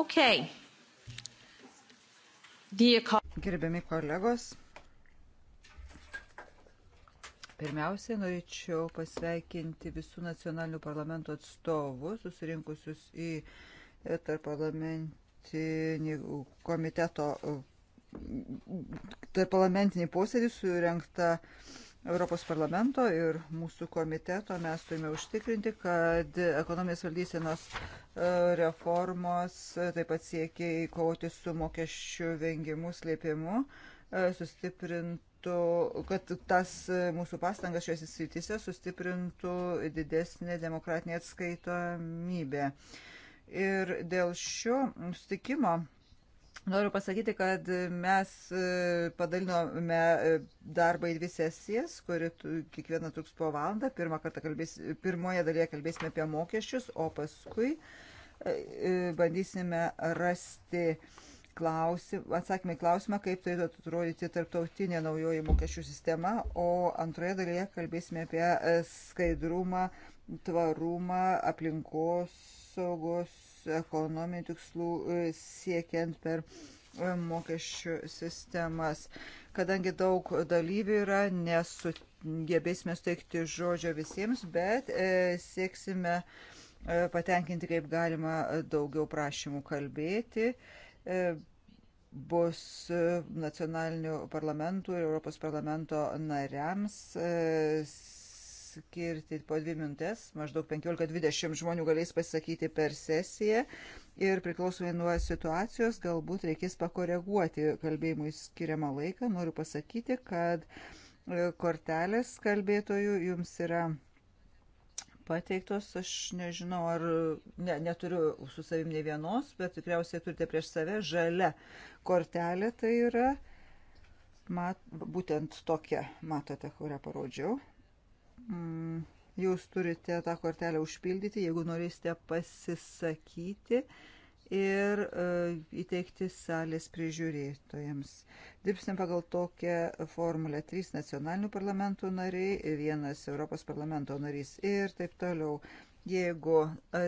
Okay. The... Gerbiami kolegos, pirmiausiai norėčiau pasveikinti visų nacionalinių parlamento atstovų susirinkusius į e, tarp parlamentinį komiteto e, tarp parlamentinį posėdį surenktą Europos parlamento ir mūsų komiteto mes turime užtikrinti, kad ekonominės valdysenos reformos taip pat siekia įkovoti su mokesčių vengimu, slėpimu, e, sustiprintų, kad tas mūsų pastangas šiuose srityse sustiprintų didesnė demokratinė atskaitomybė. Ir dėl šio sustikimo Noriu pasakyti, kad mes e, padalinome e, darbą į dvi sesijas, kuri kiekviena truks po valandą. Pirmą kartą kalbės, pirmoje dalyje kalbėsime apie mokesčius, o paskui uh, bandysime rasti klausim, atsakymai klausimą, kaip turėtų atrodyti tarptautinė naujoji mokesčių sistema, o antroje dalyje kalbėsime apie skaidrumą, tvarumą, aplinkos saugos, ekonominių tikslų e, siekiant per e, mokesčių sistemas. Kadangi daug dalyvių yra, nesugebėsime suteikti žodžio visiems, bet e, sieksime e, E, patenkinti kaip galima daugiau prašymų kalbėti. E, bus nacionalinių parlamentų ir Europos parlamento nariams e, skirti po dvi minutės, maždaug 15-20 žmonių galės pasakyti per sesiją ir priklausomai nuo situacijos galbūt reikės pakoreguoti kalbėjimui skiriamą laiką. Noriu pasakyti, kad kortelės kalbėtojų jums yra pateiktos. Aš nežinau, ar ne, neturiu su savim ne vienos, bet tikriausiai turite prieš save žalia kortelė. Tai yra mat, būtent tokia, matote, kurią parodžiau. Mm, jūs turite tą kortelę užpildyti, jeigu norėsite pasisakyti. Uh, ir e, įteikti salės prižiūrėtojams. Dirbsim pagal tokią formulę. Trys nacionalinių parlamentų nariai, vienas Europos parlamento narys ir taip toliau. Jeigu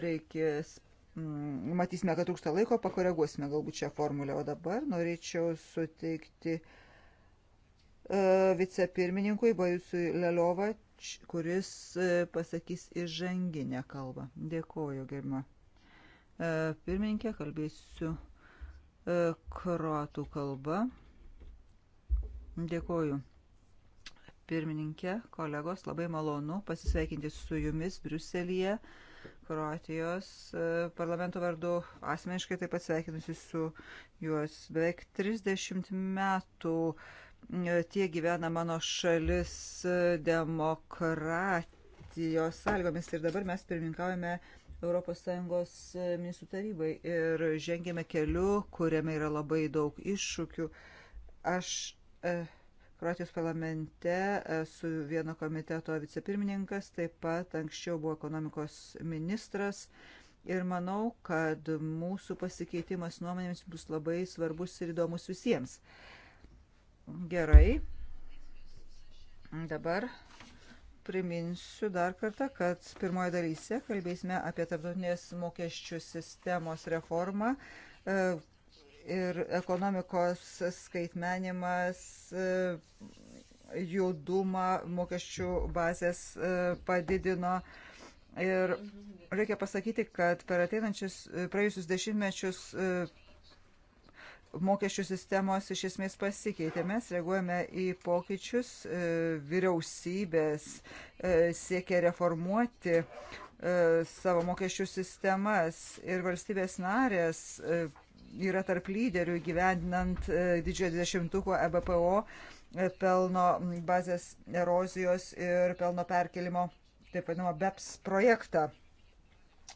reikės, mm, matysime, kad trūksta laiko, pakoreguosime galbūt šią formulę. O dabar norėčiau suteikti e, vicepirmininkui Bajusui Leliova, kuris e, pasakys įžanginę kalbą. Dėkuoju, gerbimo E, pirmininkė, kalbėsiu e, kroatų kalba. Dėkoju. Pirmininkė, kolegos, labai malonu pasisveikinti su jumis Briuselėje, Kroatijos e, parlamento vardu. Asmeniškai taip pat sveikinusi su juos. Beveik 30 metų tie gyvena mano šalis demokratijos sąlygomis ir dabar mes pirmininkaujame ES e, ministrų tarybai ir žengėme keliu, kuriame yra labai daug iššūkių. Aš e, Kroatijos parlamente esu vieno komiteto vicepirmininkas, taip pat anksčiau buvo ekonomikos ministras. Ir manau, kad mūsų pasikeitimas nuomonėmis bus labai svarbus ir įdomus visiems. Gerai. Dabar Priminsiu dar kartą, kad pirmoje dalyse kalbėsime apie tarptautinės mokesčių sistemos reformą e, ir ekonomikos skaitmenimas, e, judumą mokesčių bazės e, padidino. Ir reikia pasakyti, kad per ateinančius praėjusius dešimtmečius mokesčių sistemos iš esmės pasikeitė. Mes reaguojame į pokyčius, e, vyriausybės e, siekia reformuoti e, savo mokesčių sistemas ir valstybės narės yra tarp lyderių gyvendinant didžiojo dvidešimtuko EBPO pelno bazės erozijos ir pelno perkelimo, taip vadinamo BEPS projektą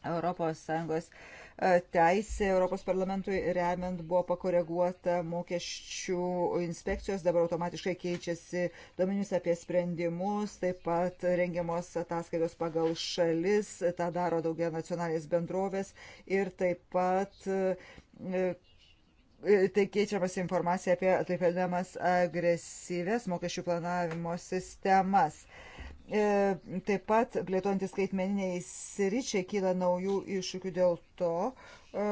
Europos Sąjungos. Uh, teisė Europos parlamentui remiant buvo pakoreguota mokesčių inspekcijos, dabar automatiškai keičiasi duomenys apie sprendimus, taip pat rengiamos ataskaitos pagal šalis, tą daro daugia nacionalinės bendrovės ir taip pat e, e, tai keičiamas informacija apie taip vadinamas agresyves mokesčių planavimo sistemas. Uh, E, taip pat, plėtojantys skaitmeniniai sričiai, kyla naujų iššūkių dėl to, e,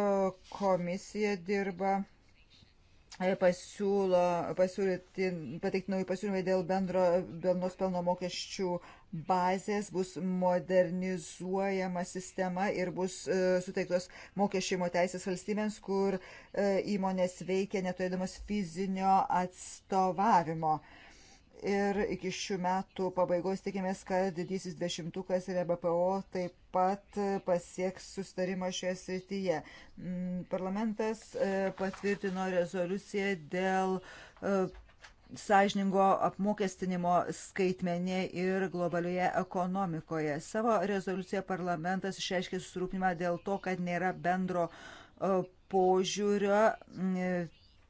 komisija dirba e, pasiūlo pasiūlyti, pateikti naujų pasiūlymai dėl bendro pelnos pelno mokesčių bazės, bus modernizuojama sistema ir bus e, suteiktos mokesčiojimo teisės valstybėms, kur e, įmonės veikia neturėdamas fizinio atstovavimo. E, ir iki šių metų pabaigos tikimės, kad didysis dešimtukas ir EBPO taip pat pasieks sustarimą šioje srityje. Mm, parlamentas e, patvirtino rezoliuciją dėl e, sąžiningo apmokestinimo skaitmenė ir globalioje ekonomikoje. Savo rezoliuciją parlamentas išreiškė susirūpinimą dėl to, kad nėra bendro e, požiūrio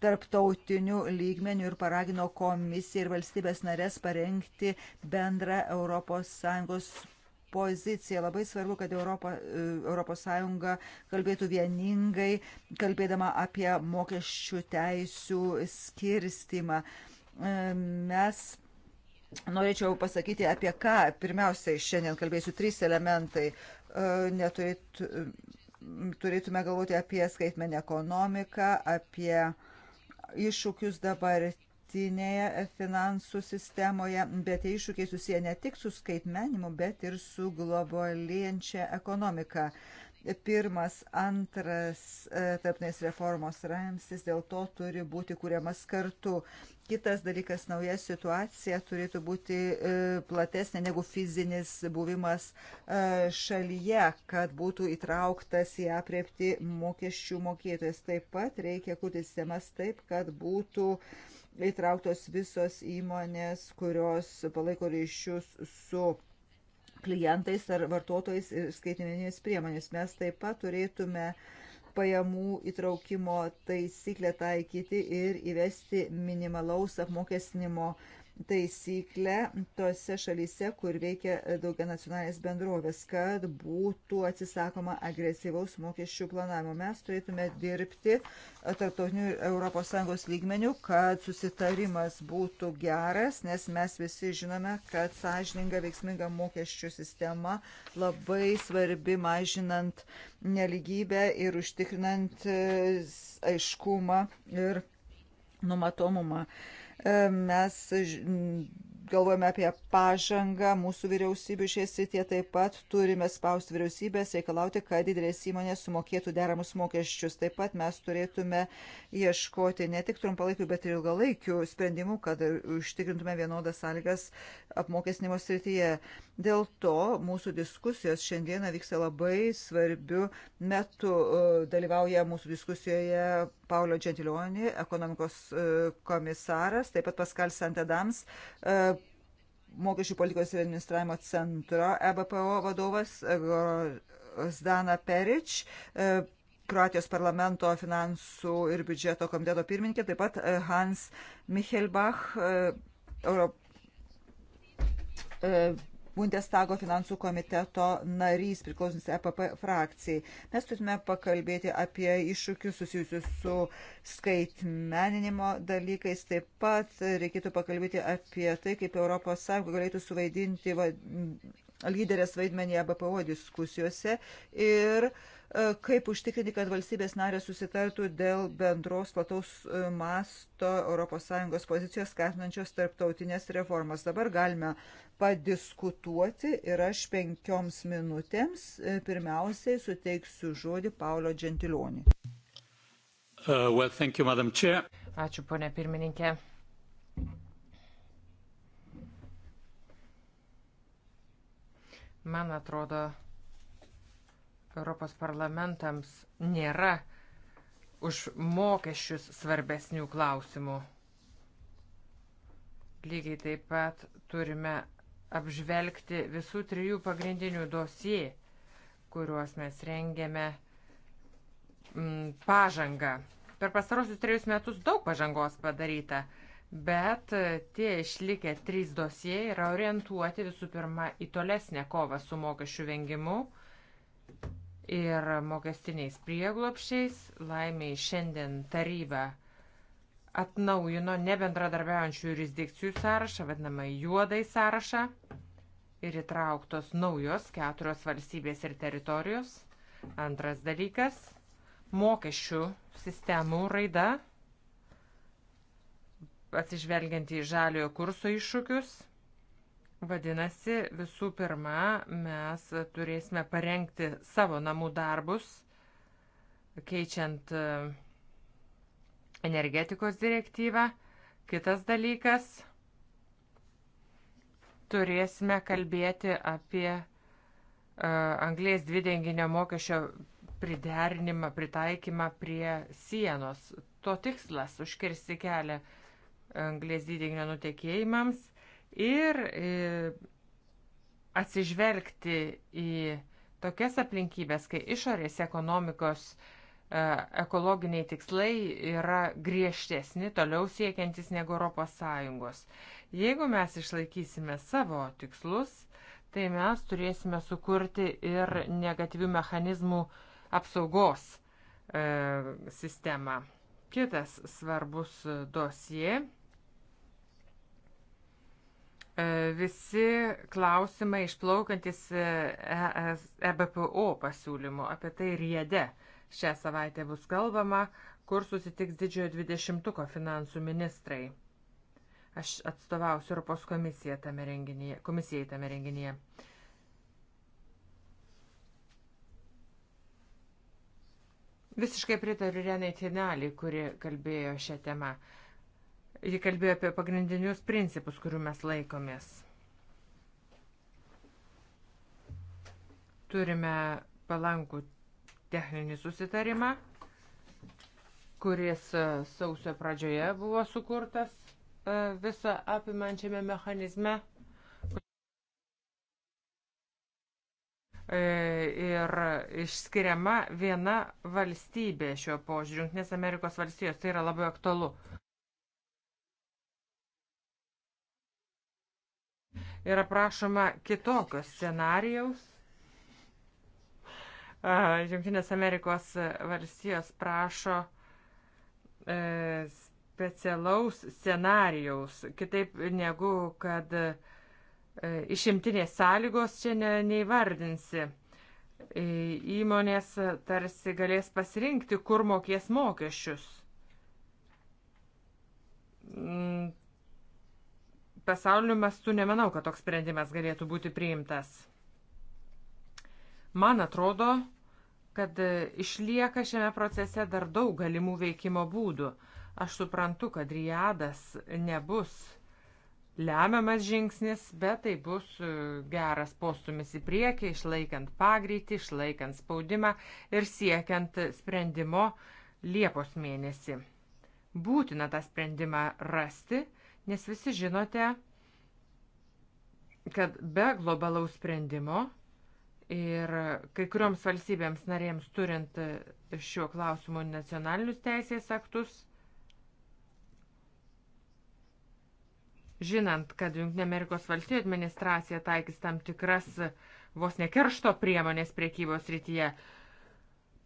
tarptautiniu lygmeniu ir paragino komisiją ir valstybės narės parengti bendrą ES poziciją. Labai svarbu, kad Europa, ES kalbėtų vieningai, kalbėdama apie mokesčių teisių skirstimą. E, mes norėčiau pasakyti, apie ką pirmiausiai šiandien kalbėsiu trys elementai. E, neturėt, turėtume galvoti apie skaitmenę ekonomiką, apie uh, iššūkius dabartinėje finansų sistemoje, bet tie iššūkiai susiję ne tik su skaitmenimu, bet ir su globalėjančia ekonomika. Pirmas, antras e, tarpnės reformos ramstis dėl to turi būti kūriamas kartu. Kitas dalykas, nauja situacija turėtų būti e, platesnė negu fizinis buvimas e, šalyje, kad būtų įtrauktas į apriepti mokesčių mokėtojas. Taip pat reikia kurti sistemas taip, kad būtų įtrauktos visos įmonės, kurios palaiko ryšius su klientais ar vartotojais ir skaitmeninės priemonės. Mes taip pat turėtume pajamų įtraukimo taisyklę taikyti ir įvesti minimalaus apmokestinimo uh, taisyklę tose šalyse, kur veikia daugia nacionalinės bendrovės, kad būtų atsisakoma agresyvaus mokesčių planavimo. Mes turėtume dirbti tarptautinių ES lygmenių, kad susitarimas būtų geras, nes mes visi žinome, kad sąžininga veiksminga mokesčių sistema labai svarbi mažinant neligybę ir užtikrinant e, aiškumą ir numatomumą. Uh, Mes galvojame apie pažangą mūsų vyriausybių šioje srityje, taip pat turime spausti vyriausybės, reikalauti, kad didelės įmonės sumokėtų deramus mokesčius. Taip pat mes turėtume ieškoti ne tik trumpalaikių, bet ir ilgalaikių sprendimų, kad užtikrintume vienodas sąlygas apmokesnimo srityje. Dėl to mūsų diskusijos šiandieną vyksta labai svarbiu metu. Dalyvauja mūsų diskusijoje Paulio Gentiloni, ekonomikos e, komisaras, taip pat Paskal Santedams, e, mokesčių politikos ir administravimo centro EBPO vadovas e, Zdana Perič, Kroatijos parlamento finansų ir biudžeto komiteto pirmininkė, taip pat Hans Michelbach, Euro Bundestago finansų komiteto narys, priklausantis EPP frakcijai. Mes turime pakalbėti apie iššūkius susijusius su skaitmeninimo dalykais. Taip pat reikėtų pakalbėti apie tai, kaip ES galėtų suvaidinti lyderės vaidmenį ABPO e diskusijose ir uh, E, kaip užtikrinti, kad valstybės narės susitartų dėl bendros plataus e, masto ES pozicijos skatinančios tarptautinės reformas. Dabar galime padiskutuoti ir aš penkioms minutėms e, pirmiausiai suteiksiu žodį Paulio Džentilonį. Uh, well, you, Ačiū, ponė pirmininkė. Man atrodo, Europos parlamentams nėra už mokesčius svarbesnių klausimų. Lygiai taip pat turime apžvelgti visų trijų pagrindinių dosijų, kuriuos mes rengiame m, mm, pažangą. Per pastarosius trejus metus daug pažangos padaryta, bet e, tie išlikę trys dosijai yra orientuoti visų pirma į tolesnę kovą su mokesčių vengimu ir mokestiniais prieglopšiais. Laimiai šiandien taryba atnaujino nebendradarbiaujančių jurisdikcijų sąrašą, vadinamą juodai sąrašą, ir įtrauktos naujos keturios valstybės ir teritorijos. Antras dalykas - mokesčių sistemų raida, atsižvelgiant į žaliojo kurso iššūkius Vadinasi, visų pirma, mes turėsime parengti savo namų darbus, keičiant e, energetikos direktyvą. Kitas dalykas, turėsime kalbėti apie uh, anglės dvidenginio mokesčio priderinimą, pritaikymą prie sienos. To tikslas užkirsti kelią e, anglės dvideginio nutekėjimams ir e, atsižvelgti į tokias aplinkybės, kai išorės ekonomikos e, ekologiniai tikslai yra griežtesni, toliau siekiantis negu ES. Jeigu mes išlaikysime savo tikslus, tai mes turėsime sukurti ir negatyvių mechanizmų apsaugos e, sistemą. Kitas svarbus dosie visi klausimai išplaukantis EBPO e pasiūlymu. Apie tai riede šią savaitę bus kalbama, kur susitiks didžiojo dvidešimtuko finansų ministrai. Aš atstovausiu Europos komisiją tame renginyje, komisijai tame renginyje. Visiškai pritariu Renai Tinalį, kuri kalbėjo šią temą. Uh, Ji kalbėjo apie pagrindinius principus, kurių mes laikomės. Turime palankų techninį susitarimą, kuris e, sausio pradžioje buvo sukurtas e, visą apimančiame mechanizme. E, ir išskiriama viena valstybė šiuo požiūriu, Junktinės Amerikos valstijos, tai yra labai aktualu. yra prašoma kitokios scenarijaus. Junktinės Amerikos valstijos prašo e, specialaus scenarijaus, kitaip negu kad e, išimtinės sąlygos čia ne, neįvardinsi. E, įmonės tarsi galės pasirinkti, kur mokės mokesčius mm, pasauliniu mastu nemanau, kad toks sprendimas galėtų būti priimtas. Man atrodo, kad išlieka šiame procese dar daug galimų veikimo būdų. Aš suprantu, kad riadas nebus lemiamas žingsnis, bet tai bus e, geras postumis į priekį, išlaikant pagreitį, išlaikant spaudimą ir siekiant sprendimo Liepos mėnesį. Būtina tą sprendimą rasti Nes visi žinote, kad be globalaus sprendimo ir kai kurioms valstybėms narėms turint šiuo klausimu nacionalinius teisės aktus, žinant, kad JAV administracija taikys tam tikras vos nekeršto priemonės priekybos rytyje,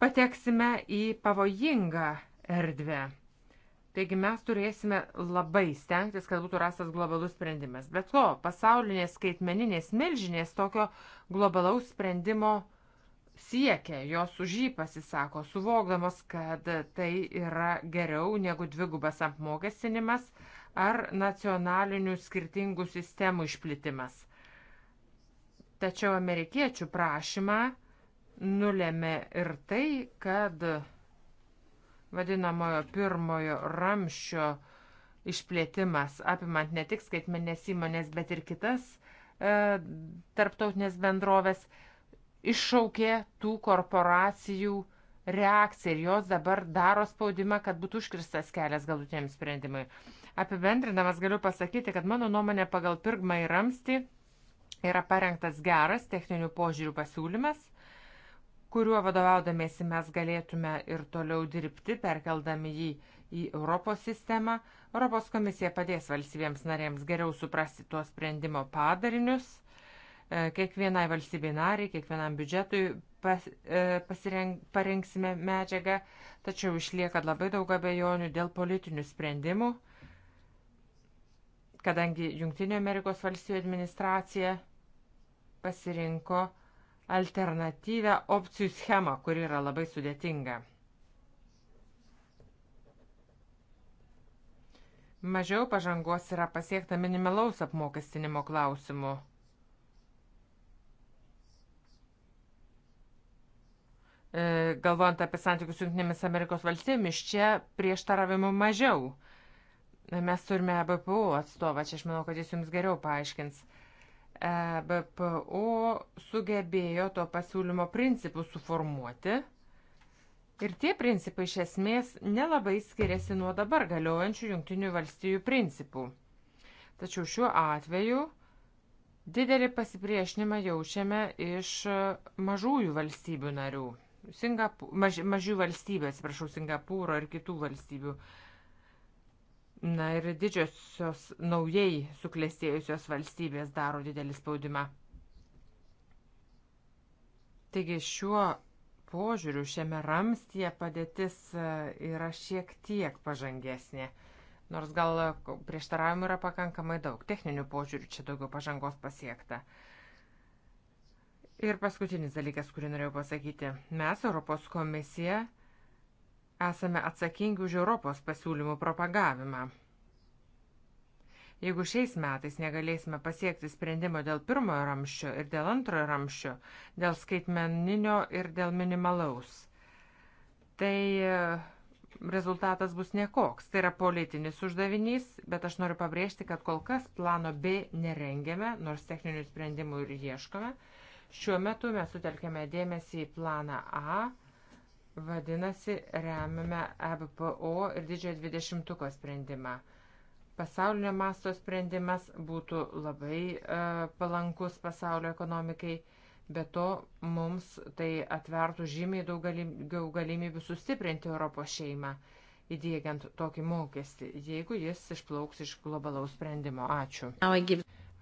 pateksime į pavojingą erdvę. Taigi mes turėsime labai stengtis, kad būtų rastas globalus sprendimas. Bet to, pasaulinės skaitmeninės milžinės tokio globalaus sprendimo siekia, jos už jį pasisako, suvokdamos, kad tai yra geriau negu dvigubas apmokestinimas ar nacionalinių skirtingų sistemų išplitimas. Tačiau amerikiečių prašymą nulėmė ir tai, kad vadinamojo pirmojo ramščio išplėtimas, apimant ne tik skaitmenės įmonės, bet ir kitas e, tarptautinės bendrovės, iššaukė tų korporacijų reakciją ir jos dabar daro spaudimą, kad būtų užkristas kelias galutiniam sprendimui. Apibendrinamas galiu pasakyti, kad mano nuomonė pagal pirmąjį ramstį yra parengtas geras techninių požiūrių pasiūlymas kuriuo vadovaudamėsi mes galėtume ir toliau dirbti, perkeldami jį į Europos sistemą. Europos komisija padės valstybėms narėms geriau suprasti tuo sprendimo padarinius, e, kiekvienai valstybei nariai, kiekvienam biudžetui pas, e, pasireng, parengsime medžiagą, tačiau išlieka labai daug abejonių dėl politinių sprendimų, kadangi Junktinio Amerikos valstybių administracija pasirinko alternatyvę opcijų schemą, kuri yra labai sudėtinga. Mažiau pažangos yra pasiekta minimalaus apmokestinimo klausimu. E, galvojant apie santykius su Junktinėmis Amerikos valstybėmis, čia prieštaravimų mažiau. Mes turime ABPU atstovą, čia aš manau, kad jis jums geriau paaiškins. E BPO sugebėjo to pasiūlymo principų suformuoti ir tie principai iš esmės nelabai skiriasi nuo dabar galiojančių Junktinių valstijų principų. Tačiau šiuo atveju didelį pasipriešinimą jaučiame iš mažųjų valstybių narių. Singapū, maž, mažių valstybių, atsiprašau, Singapūro ir kitų valstybių Na ir didžiosios naujai suklestėjusios valstybės daro didelį spaudimą. Taigi šiuo požiūriu šiame ramstyje padėtis e, yra šiek tiek pažangesnė. Nors gal e, prieštaravimų yra pakankamai daug. Techninių požiūrių čia daugiau pažangos pasiekta. Ir paskutinis dalykas, kurį norėjau pasakyti. Mes, Europos komisija, Esame atsakingi už Europos pasiūlymų propagavimą. Jeigu šiais metais negalėsime pasiekti sprendimo dėl pirmojo ramščio ir dėl antrojo ramščio, dėl skaitmeninio ir dėl minimalaus, tai e, rezultatas bus nekoks. Tai yra politinis uždavinys, bet aš noriu pabrėžti, kad kol kas plano B nerengėme, nors techninių sprendimų ir ieškome. Šiuo metu mes sutelkėme dėmesį į planą A Vadinasi, remiame EBPO ir didžiojo dvidešimtuko sprendimą. Pasaulinio masto sprendimas būtų labai e, palankus pasaulio ekonomikai, bet to mums tai atvertų žymiai daug galimybių sustiprinti Europos šeimą, įdėgiant tokį mokestį, jeigu jis išplauks iš globalaus sprendimo. Ačiū.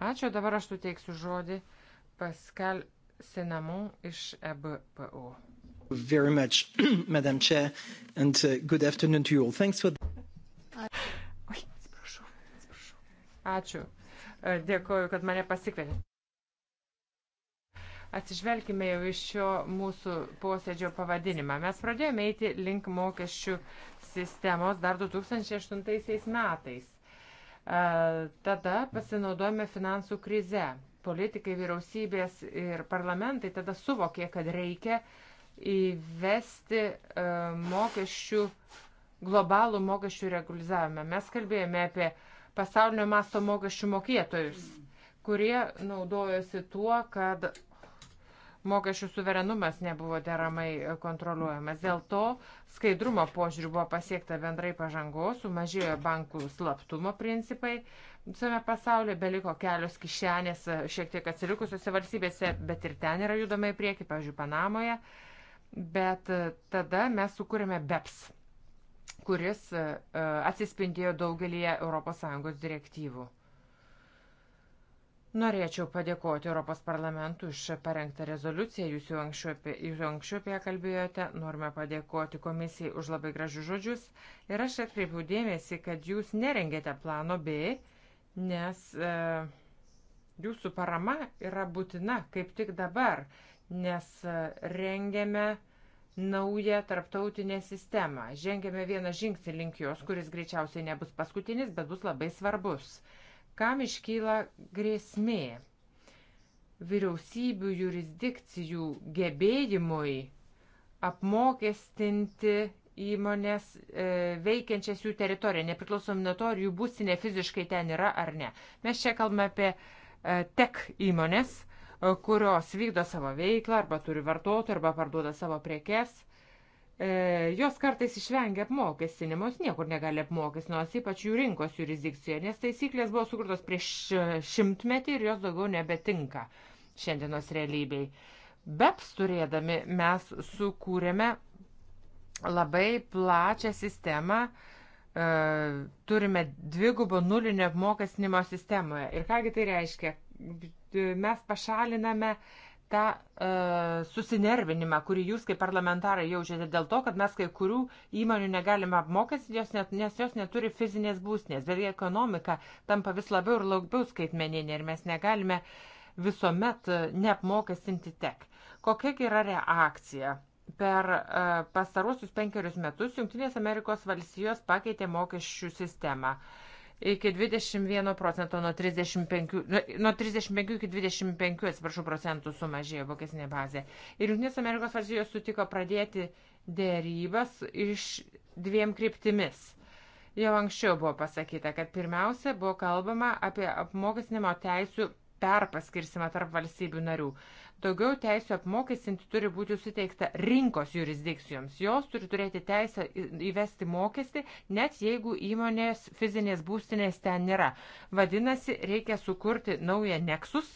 Ačiū, dabar aš suteiksiu žodį Pascal Sinamon iš EBPO very much, Madam Chair, and uh, good afternoon to you all. Thanks for. Ačiū. E, dėkoju, kad mane pasikvietė. Atsižvelgime jau iš šio mūsų posėdžio pavadinimą. Mes pradėjome eiti link mokesčių sistemos dar 2008 metais. E, tada pasinaudojame finansų krize. Politikai, vyriausybės ir parlamentai tada suvokė, kad reikia uh, įvesti e, mokesčių, globalų mokesčių regulizavimą. Mes kalbėjome apie pasaulinio masto mokesčių mokėtojus, kurie naudojasi tuo, kad mokesčių suverenumas nebuvo deramai kontroliuojamas. Dėl to skaidrumo požiūrių buvo pasiekta bendrai pažangos, sumažėjo bankų slaptumo principai visame pasaulyje, beliko kelios kišenės e, šiek tiek atsilikusiuose valstybėse, bet ir ten yra judama į priekį, pavyzdžiui, Panamoje. Uh, bet e, tada mes sukūrėme BEPS, kuris e, e, atsispindėjo daugelį ES direktyvų. Norėčiau padėkoti Europos parlamentui už parengtą rezoliuciją, jūs jau anksčiau apie, jūs anksčiau apie ją kalbėjote, norime padėkoti komisijai už labai gražius žodžius ir aš atkreipiau dėmesį, kad jūs nerengėte plano B, nes e, jūsų parama yra būtina kaip tik dabar, nes e, rengiame naują tarptautinę sistemą. Žengėme vieną žingsnį link jos, kuris greičiausiai nebus paskutinis, bet bus labai svarbus. Kam iškyla grėsmė? Vyriausybių jurisdikcijų gebėjimui apmokestinti įmonės e, veikiančias jų teritoriją, nepriklausom nuo to, ar jų būsinė fiziškai ten yra ar ne. Mes čia kalbame apie e, tech įmonės, E, kurios vykdo savo veiklą arba turi vartotojų arba parduoda savo prekes, e, jos kartais išvengia apmokestinimo, jos niekur negali apmokestinos, ypač jų rinkos jurisdikcijoje, nes taisyklės buvo sukurtos prieš šimtmetį ir jos daugiau nebetinka šiandienos realybei. BEPS turėdami mes sukūrėme labai plačią sistemą, e, turime dvigubo nulinio apmokestinimo sistemoje. Ir kągi tai reiškia? mes pašaliname tą e, susinervinimą, kurį jūs kaip parlamentarai jaučiate dėl to, kad mes kai kurių įmonių negalime apmokestinti, jos net, nes jos neturi fizinės būsnės, bet ekonomika tampa vis labiau ir labiau skaitmeninė ir mes negalime visuomet e, neapmokestinti tek. Kokia yra reakcija? Per e, pastarosius penkerius metus Junktinės Amerikos valstijos pakeitė mokesčių sistemą. E, iki 21 procento nuo 35, nu, nuo 35 iki 25, atsiprašau, procentų sumažėjo vokesinė bazė. Ir Junktinės Amerikos valstijos sutiko pradėti dėrybas iš dviem kryptimis. Jau anksčiau buvo pasakyta, kad pirmiausia buvo kalbama apie apmokestinimo teisų perpaskirsimą tarp valstybių narių. Daugiau teisų apmokestinti turi būti suteikta rinkos jurisdikcijoms. Jos turi turėti teisę įvesti mokestį, net jeigu įmonės fizinės būstinės ten nėra. Vadinasi, reikia sukurti naują Nexus,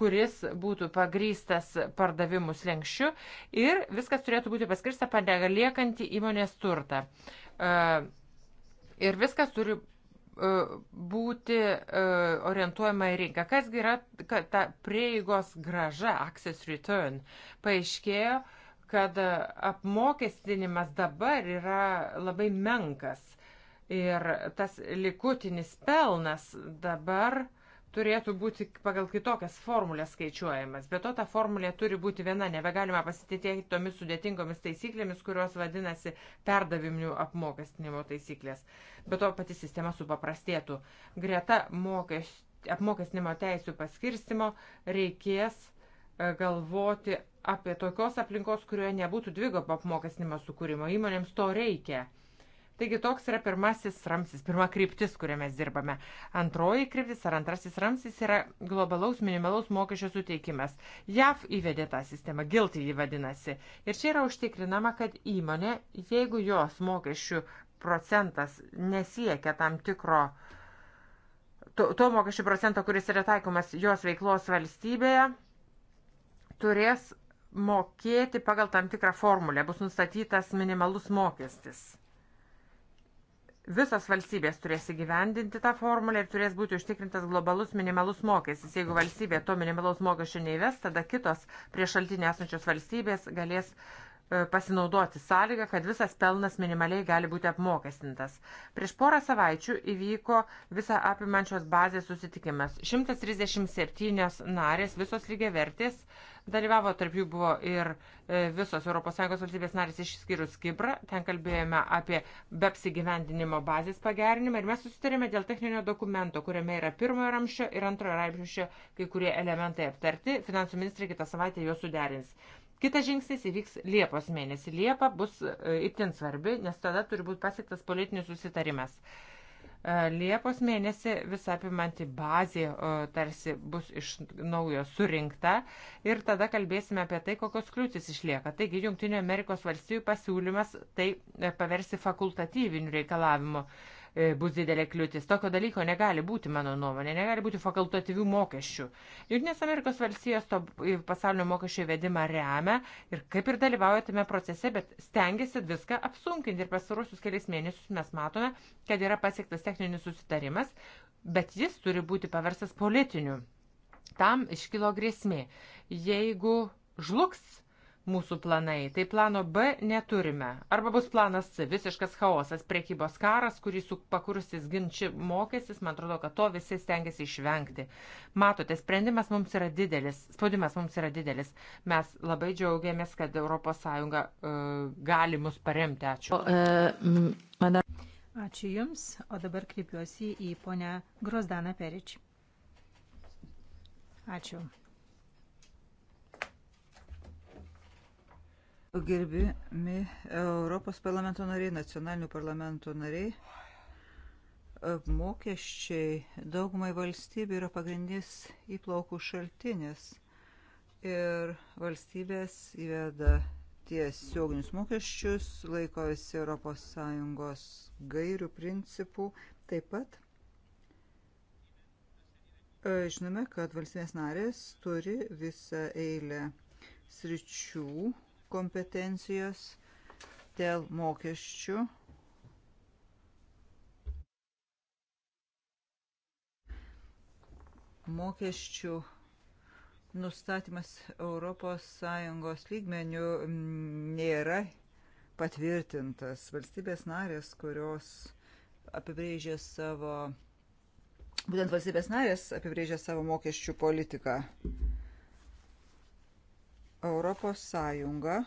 kuris būtų pagrystas pardavimų slengščiu ir viskas turėtų būti paskirsta padegaliekantį įmonės turtą. E, ir viskas turi E, būti e, orientuojama į rinką. Kasgi yra ta prieigos graža, access return? Paaiškėjo, kad apmokestinimas dabar yra labai menkas ir tas likutinis pelnas dabar turėtų būti pagal kitokias formulės skaičiuojamas. Be to, ta formulė turi būti viena, nebegalima pasitikėti tomis sudėtingomis taisyklėmis, kurios vadinasi perdavimnių apmokestinimo taisyklės. Be to, pati sistema supaprastėtų. Greta mokeš, apmokestinimo teisų paskirstimo reikės e, galvoti apie tokios aplinkos, kurioje nebūtų dvigobo apmokestinimo sukūrimo. Įmonėms to reikia. Taigi toks yra pirmasis ramsis, pirma kryptis, kurią mes dirbame. Antroji kryptis ar antrasis ramsis yra globalaus minimalaus mokesčio suteikimas. JAV įvedė tą sistemą, giltai jį vadinasi. Ir čia yra užtikrinama, kad įmonė, jeigu jos mokesčių procentas nesiekia tam tikro to, to mokesčių procento, kuris yra taikomas jos veiklos valstybėje, turės mokėti pagal tam tikrą formulę, bus nustatytas minimalus mokestis. Visos valstybės turės įgyvendinti tą formulę ir turės būti užtikrintas globalus minimalus mokestis. Jeigu valstybė to minimalaus mokesčio neįves, tada kitos prie šaltinį esančios valstybės galės E, pasinaudoti sąlygą, kad visas pelnas minimaliai gali būti apmokestintas. Prieš porą savaičių įvyko visą apimančios bazės susitikimas. 137 narės, visos lygiai vertės, dalyvavo, tarp jų buvo ir e, visos ES valstybės narės išskyrus Kiprą. Ten kalbėjome apie BEPS įgyvendinimo bazės pagerinimą ir mes susitarėme dėl techninio dokumento, kuriame yra pirmojo ramščio ir antrojo ramščio kai kurie elementai aptarti. Finansų ministrai kitą savaitę juos suderins. Kitas žingsnis įvyks Liepos mėnesį. Liepa bus e, itin svarbi, nes tada turi būti pasiektas politinis susitarimas. E, Liepos mėnesį visą apimanti bazė e, tarsi bus iš naujo surinkta ir tada kalbėsime apie tai, kokios kliūtis išlieka. Taigi Junktinio Amerikos valstybių pasiūlymas tai paversi fakultatyviniu reikalavimu. E, bus didelė kliūtis. Tokio dalyko negali būti, mano nuomonė, negali būti fakultatyvių mokesčių. Junktinės Amerikos valstijos to pasaulio mokesčio įvedimą remia ir kaip ir dalyvauja tame procese, bet stengiasi viską apsunkinti. Ir pasiruosius kelias mėnesius mes matome, kad yra pasiektas techninis susitarimas, bet jis turi būti paverstas politiniu. Tam iškilo grėsmė. Jeigu žlugs mūsų planai. Tai plano B neturime. Arba bus planas C, visiškas chaosas, priekybos karas, kurį pakursis ginči mokestis. Man atrodo, kad to visi stengiasi išvengti. Matote, sprendimas mums yra didelis, spaudimas mums yra didelis. Mes labai džiaugiamės, kad ES uh, e, gali mus paremti. Ačiū. O, uh, e, man... Ačiū Jums, o dabar kreipiuosi į ponę Grosdaną Perič. Ačiū. Gerbimi Europos parlamento nariai, nacionalinių parlamento nariai, mokesčiai daugumai valstybių yra pagrindinis įplaukų šaltinis. Ir valstybės įveda tiesioginius mokesčius, laikosi ES gairių principų. Taip pat e, žinome, kad valstybės narės turi visą eilę sričių kompetencijos, dėl mokesčių. Mokesčių nustatymas ES lygmenių nėra patvirtintas. Valstybės narės, kurios apibrėžė savo, būtent valstybės narės apibrėžė savo mokesčių politiką. Europos Sąjunga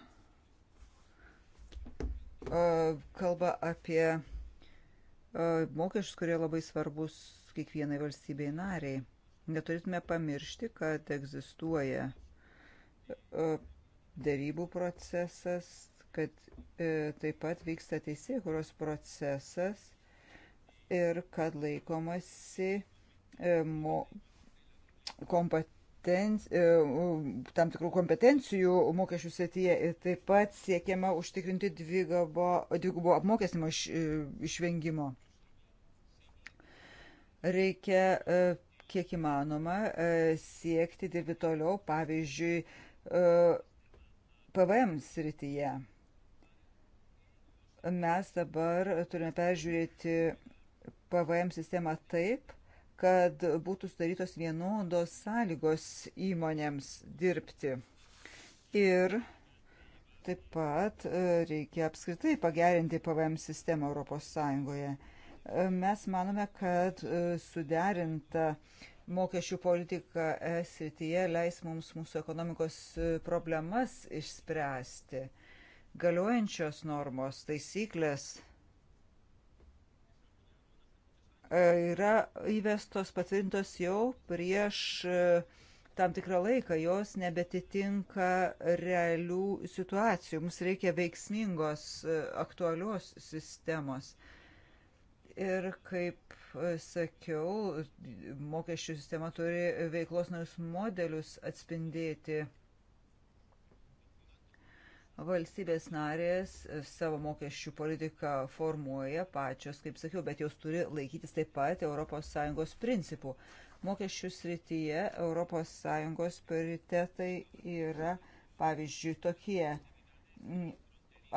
e, kalba apie e, mokesčius, kurie labai svarbus kiekvienai valstybei nariai. Neturėtume pamiršti, kad egzistuoja e, dėrybų procesas, kad taip pat vyksta teisėkuros procesas ir kad laikomasi mo, kompat, E, tam tikrų kompetencijų mokesčių srityje ir taip pat siekiama užtikrinti dvigubo apmokestinimo iš, e, išvengimo. Reikia e, kiek įmanoma siekti dirbti toliau, pavyzdžiui, PVM srityje. Mes dabar turime peržiūrėti PVM sistemą taip, kad būtų sudarytos vienodos sąlygos įmonėms dirbti. Ir taip pat e, reikia apskritai pagerinti PVM sistemą ES. E, mes manome, kad e, suderinta mokesčių politika ES rytyje leis mums mūsų ekonomikos problemas išspręsti. Galiojančios normos, taisyklės E, yra įvestos patvirtintos jau prieš e, tam tikrą laiką, jos nebetitinka realių situacijų. Mums reikia veiksmingos e, aktualios sistemos. Ir kaip sakiau, mokesčių sistema turi veiklos naujus modelius atspindėti Valstybės narės e, savo mokesčių politiką formuoja pačios, kaip sakiau, bet jos turi laikytis taip pat ES principų. Mokesčių srityje ES prioritetai yra, pavyzdžiui, tokie mm,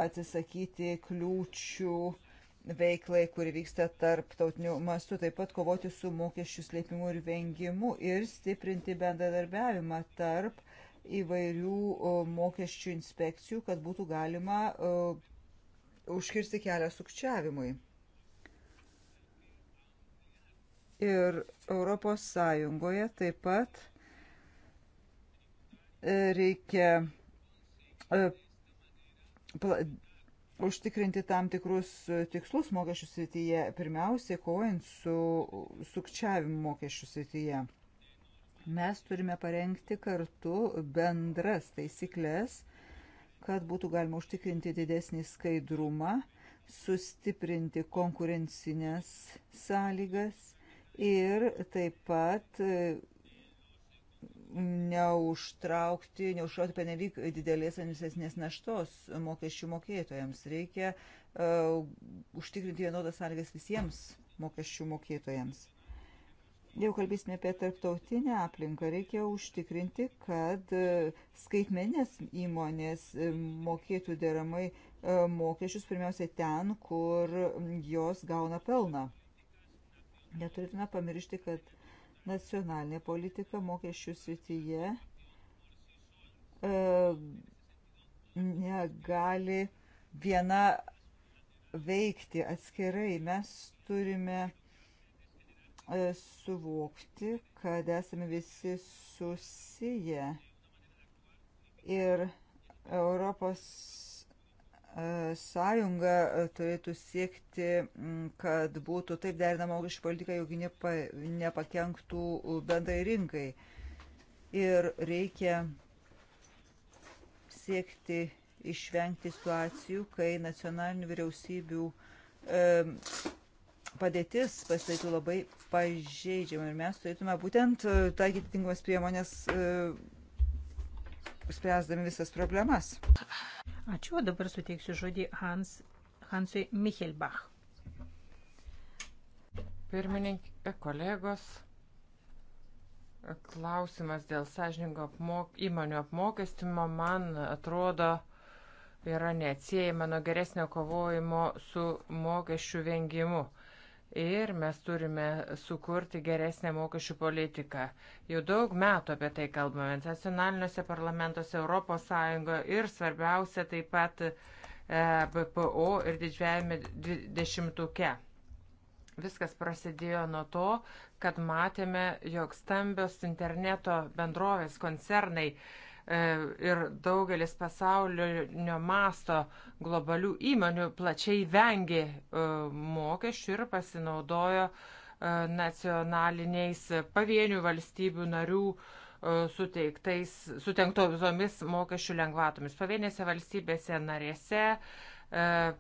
atsisakyti kliūčių veiklai, kuri vyksta tarptautiniu mastu, taip pat kovoti su mokesčių slėpimu ir vengimu ir stiprinti bendradarbiavimą tarp įvairių mokesčių inspekcijų, kad būtų galima užkirsti kelią sukčiavimui. Ir Europos Sąjungoje taip pat e, reikia e, užtikrinti tam tikrus tikslus mokesčių srityje, pirmiausiai kovojant su sukčiavimu mokesčių srityje. Mes turime parengti kartu bendras taisyklės, kad būtų galima užtikrinti didesnį skaidrumą, sustiprinti konkurencinės sąlygas ir taip pat e, neužtraukti, neužtraukti penelyg didelės administracinės naštos mokesčių mokėtojams. Reikia uh, užtikrinti vienodas sąlygas visiems mokesčių mokėtojams. Jau kalbėsime apie tarptautinę aplinką. Reikia užtikrinti, kad e, skaitmenės įmonės e, mokėtų deramai e, mokesčius pirmiausiai ten, kur jos gauna pelną. Neturėtume pamiršti, kad nacionalinė politika mokesčių srityje negali viena veikti atskirai. Mes turime E, suvokti, kad esame visi susiję ir Europos e, sąjunga e, turėtų siekti, kad būtų taip derinama mokesčių politika, jog nepa, nepakenktų bendrai rinkai. Ir reikia siekti išvengti situacijų, kai nacionalinių vyriausybių e, padėtis pasidarytų labai pažeidžiama ir mes turėtume būtent e, taikyti tinkamas priemonės e, spręsdami visas problemas. Ačiū, dabar suteiksiu žodį Hans, Hansui Michelbach. Pirmininkė, kolegos, klausimas dėl sąžininko apmok, įmonių apmokestimo man atrodo yra neatsiejama nuo geresnio kovojimo su mokesčių vengimu ir mes turime sukurti geresnę mokesčių politiką. Jau daug metų apie tai kalbame nacionaliniuose parlamentuose, Europos Sąjungoje ir svarbiausia taip pat e, BPO ir didžiajame dešimtuke. Viskas prasidėjo nuo to, kad matėme, jog stambios interneto bendrovės koncernai uh, E, ir daugelis pasaulinio masto globalių įmonių plačiai vengė e, mokesčių ir pasinaudojo e, nacionaliniais pavienių valstybių narių suteiktais, sutenktomis mokesčių lengvatomis. Pavienėse valstybėse narėse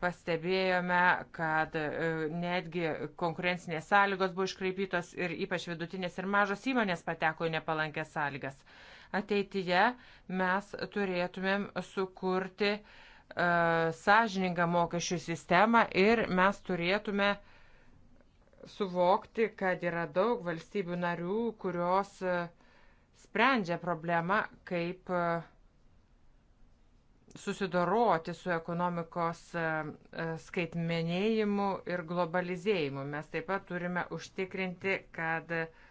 pastebėjome, kad netgi konkurencinės sąlygos buvo iškreipytos ir ypač vidutinės ir mažos įmonės pateko į nepalankęs sąlygas ateityje mes turėtumėm sukurti uh, sąžiningą mokesčių sistemą ir mes turėtume suvokti, kad yra daug valstybių narių, kurios e, sprendžia problemą, kaip e, susidoroti su ekonomikos skaitmenėjimu ir globalizėjimu. Mes taip pat turime užtikrinti, kad uh,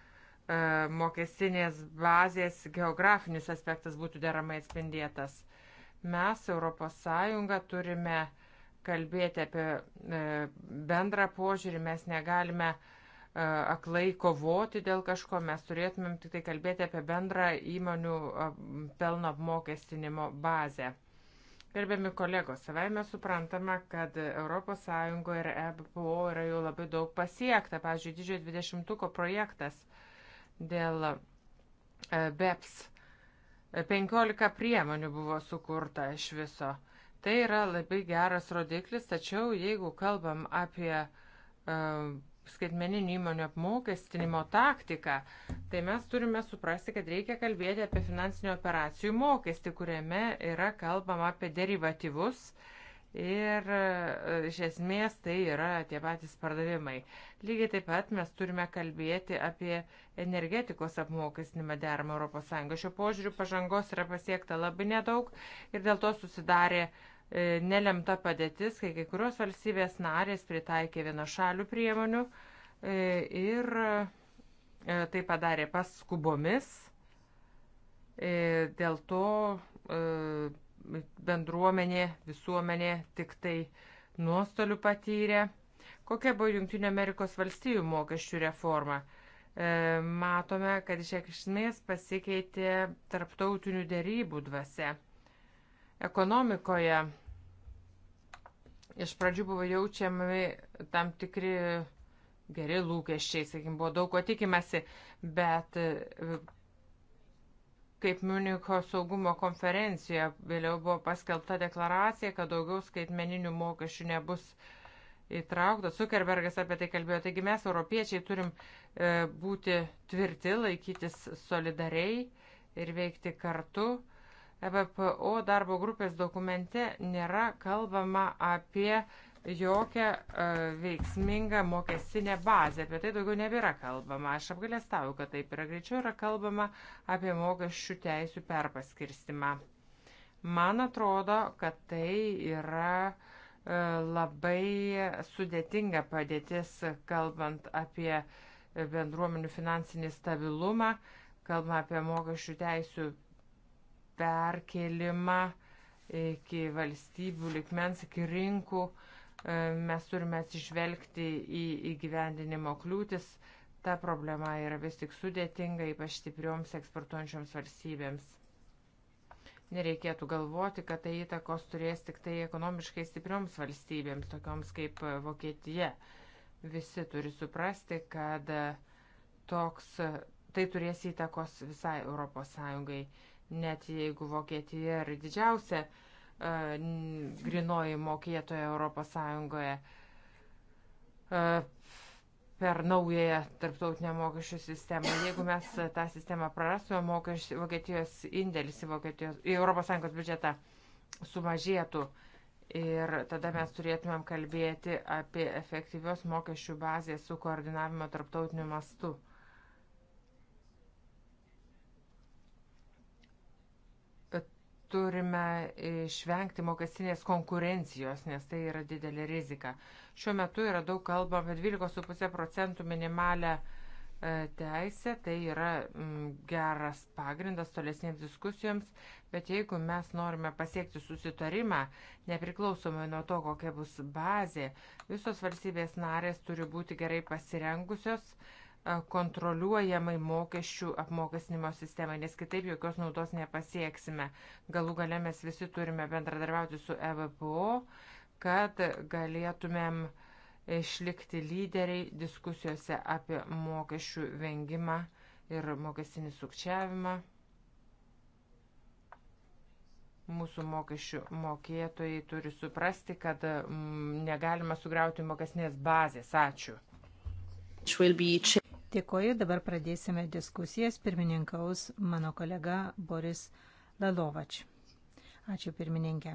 E, mokestinės bazės geografinis aspektas būtų deramai atspindėtas. Mes, ES, turime kalbėti apie e, bendrą požiūrį, mes negalime e, aklai kovoti dėl kažko, mes turėtumėm tik tai kalbėti apie bendrą įmonių pelno apmokestinimo bazę. Gerbiami kolegos, savai mes suprantame, kad ES ir EBPO yra jau labai daug pasiekta. Pavyzdžiui, didžiojo 20-ko projektas dėl e, BEPS. 15 e, priemonių buvo sukurta iš viso. Tai yra labai geras rodiklis, tačiau jeigu kalbam apie uh, skaitmeninių įmonių apmokestinimo taktiką, tai mes turime suprasti, kad reikia kalbėti apie finansinių operacijų mokestį, kuriame yra kalbama apie derivatyvus uh, Ir e, iš esmės tai yra tie patys pardavimai. Lygiai taip pat mes turime kalbėti apie energetikos apmokestinimą deramą ES. Šio požiūriu pažangos yra pasiekta labai nedaug ir dėl to susidarė e, nelemta padėtis, kai kai kurios valstybės narės pritaikė vienašalių priemonių e, ir tai padarė paskubomis. Dėl to bendruomenė, visuomenė tik tai nuostolių patyrė. Kokia buvo Junktinio Amerikos valstybių mokesčių reforma? E, matome, kad iš esmės pasikeitė tarptautinių dėrybų dvasia. Ekonomikoje iš pradžių buvo jaučiami tam tikri geri lūkesčiai, sakykim, buvo daug ko tikimasi, bet kaip Muniko saugumo konferencijoje vėliau buvo paskelbta deklaracija, kad daugiau skaitmeninių mokesčių nebus įtraukta. Zuckerbergas apie tai kalbėjo. Taigi mes, europiečiai, turim e, būti tvirti, laikytis solidariai ir veikti kartu. EBPO darbo grupės dokumente nėra kalbama apie jokią e, veiksmingą mokestinę bazę. Apie tai daugiau nebėra kalbama. Aš apgalėstauju, kad taip yra greičiau yra kalbama apie mokesčių teisų perpaskirstimą. Man atrodo, kad tai yra e, labai sudėtinga padėtis, kalbant apie bendruomenių finansinį stabilumą, kalbant apie mokesčių teisų perkelimą iki valstybių likmens, iki rinkų. Uh, E, mes turime atsižvelgti į įgyvendinimo kliūtis. Ta problema yra vis tik sudėtinga, ypač stiprioms eksportuojančioms valstybėms. Nereikėtų galvoti, kad tai įtakos turės tik tai ekonomiškai stiprioms valstybėms, tokioms kaip e, Vokietija. Visi turi suprasti, kad e, toks, tai turės įtakos visai ES net jeigu Vokietija yra didžiausia grinoji mokėtoja Europos Sąjungoje per naująją tarptautinę mokesčių sistemą. Jeigu mes tą sistemą prarastume, mokesčių Vokietijos indėlis į, Vokietijos, į ES biudžetą sumažėtų. Ir tada mes turėtumėm kalbėti apie efektyvios mokesčių bazės sukoordinavimą tarptautiniu mastu. turime išvengti mokestinės konkurencijos, nes tai yra didelė rizika. Šiuo metu yra daug kalba apie 12,5 procentų minimalę e, teisę, tai yra geras pagrindas tolesniems diskusijoms, bet jeigu mes norime pasiekti susitarimą, nepriklausomai nuo to, kokia bus bazė, visos valstybės narės turi būti gerai pasirengusios kontroliuojamai mokesčių apmokestinimo sistemai, nes kitaip jokios naudos nepasieksime. Galų gale mes visi turime bendradarbiauti su EVPO, kad galėtumėm išlikti lyderiai diskusijose apie mokesčių vengimą ir mokestinį sukčiavimą. Mūsų mokesčių mokėtojai turi suprasti, kad mm, negalima sugriauti mokesnės bazės. Ačiū. Dėkoju, dabar pradėsime diskusijas. Pirmininkaus mano kolega Boris Lalovač. Ačiū pirmininkė.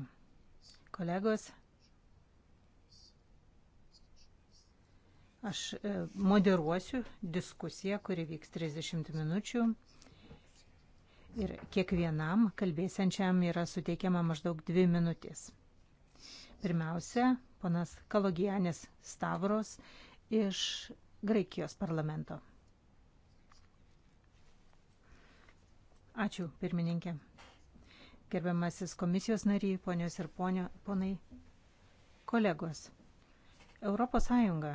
Kolegos, aš e, moderuosiu diskusiją, kuri vyks 30 minučių. Ir kiekvienam kalbėsiančiam yra suteikiama maždaug dvi minutės. Pirmiausia, ponas Kalogijanis Stavros iš Graikijos parlamento. Ačiū, pirmininkė. Gerbiamasis komisijos nariai, ponios ir ponio, ponai, kolegos. Europos Sąjunga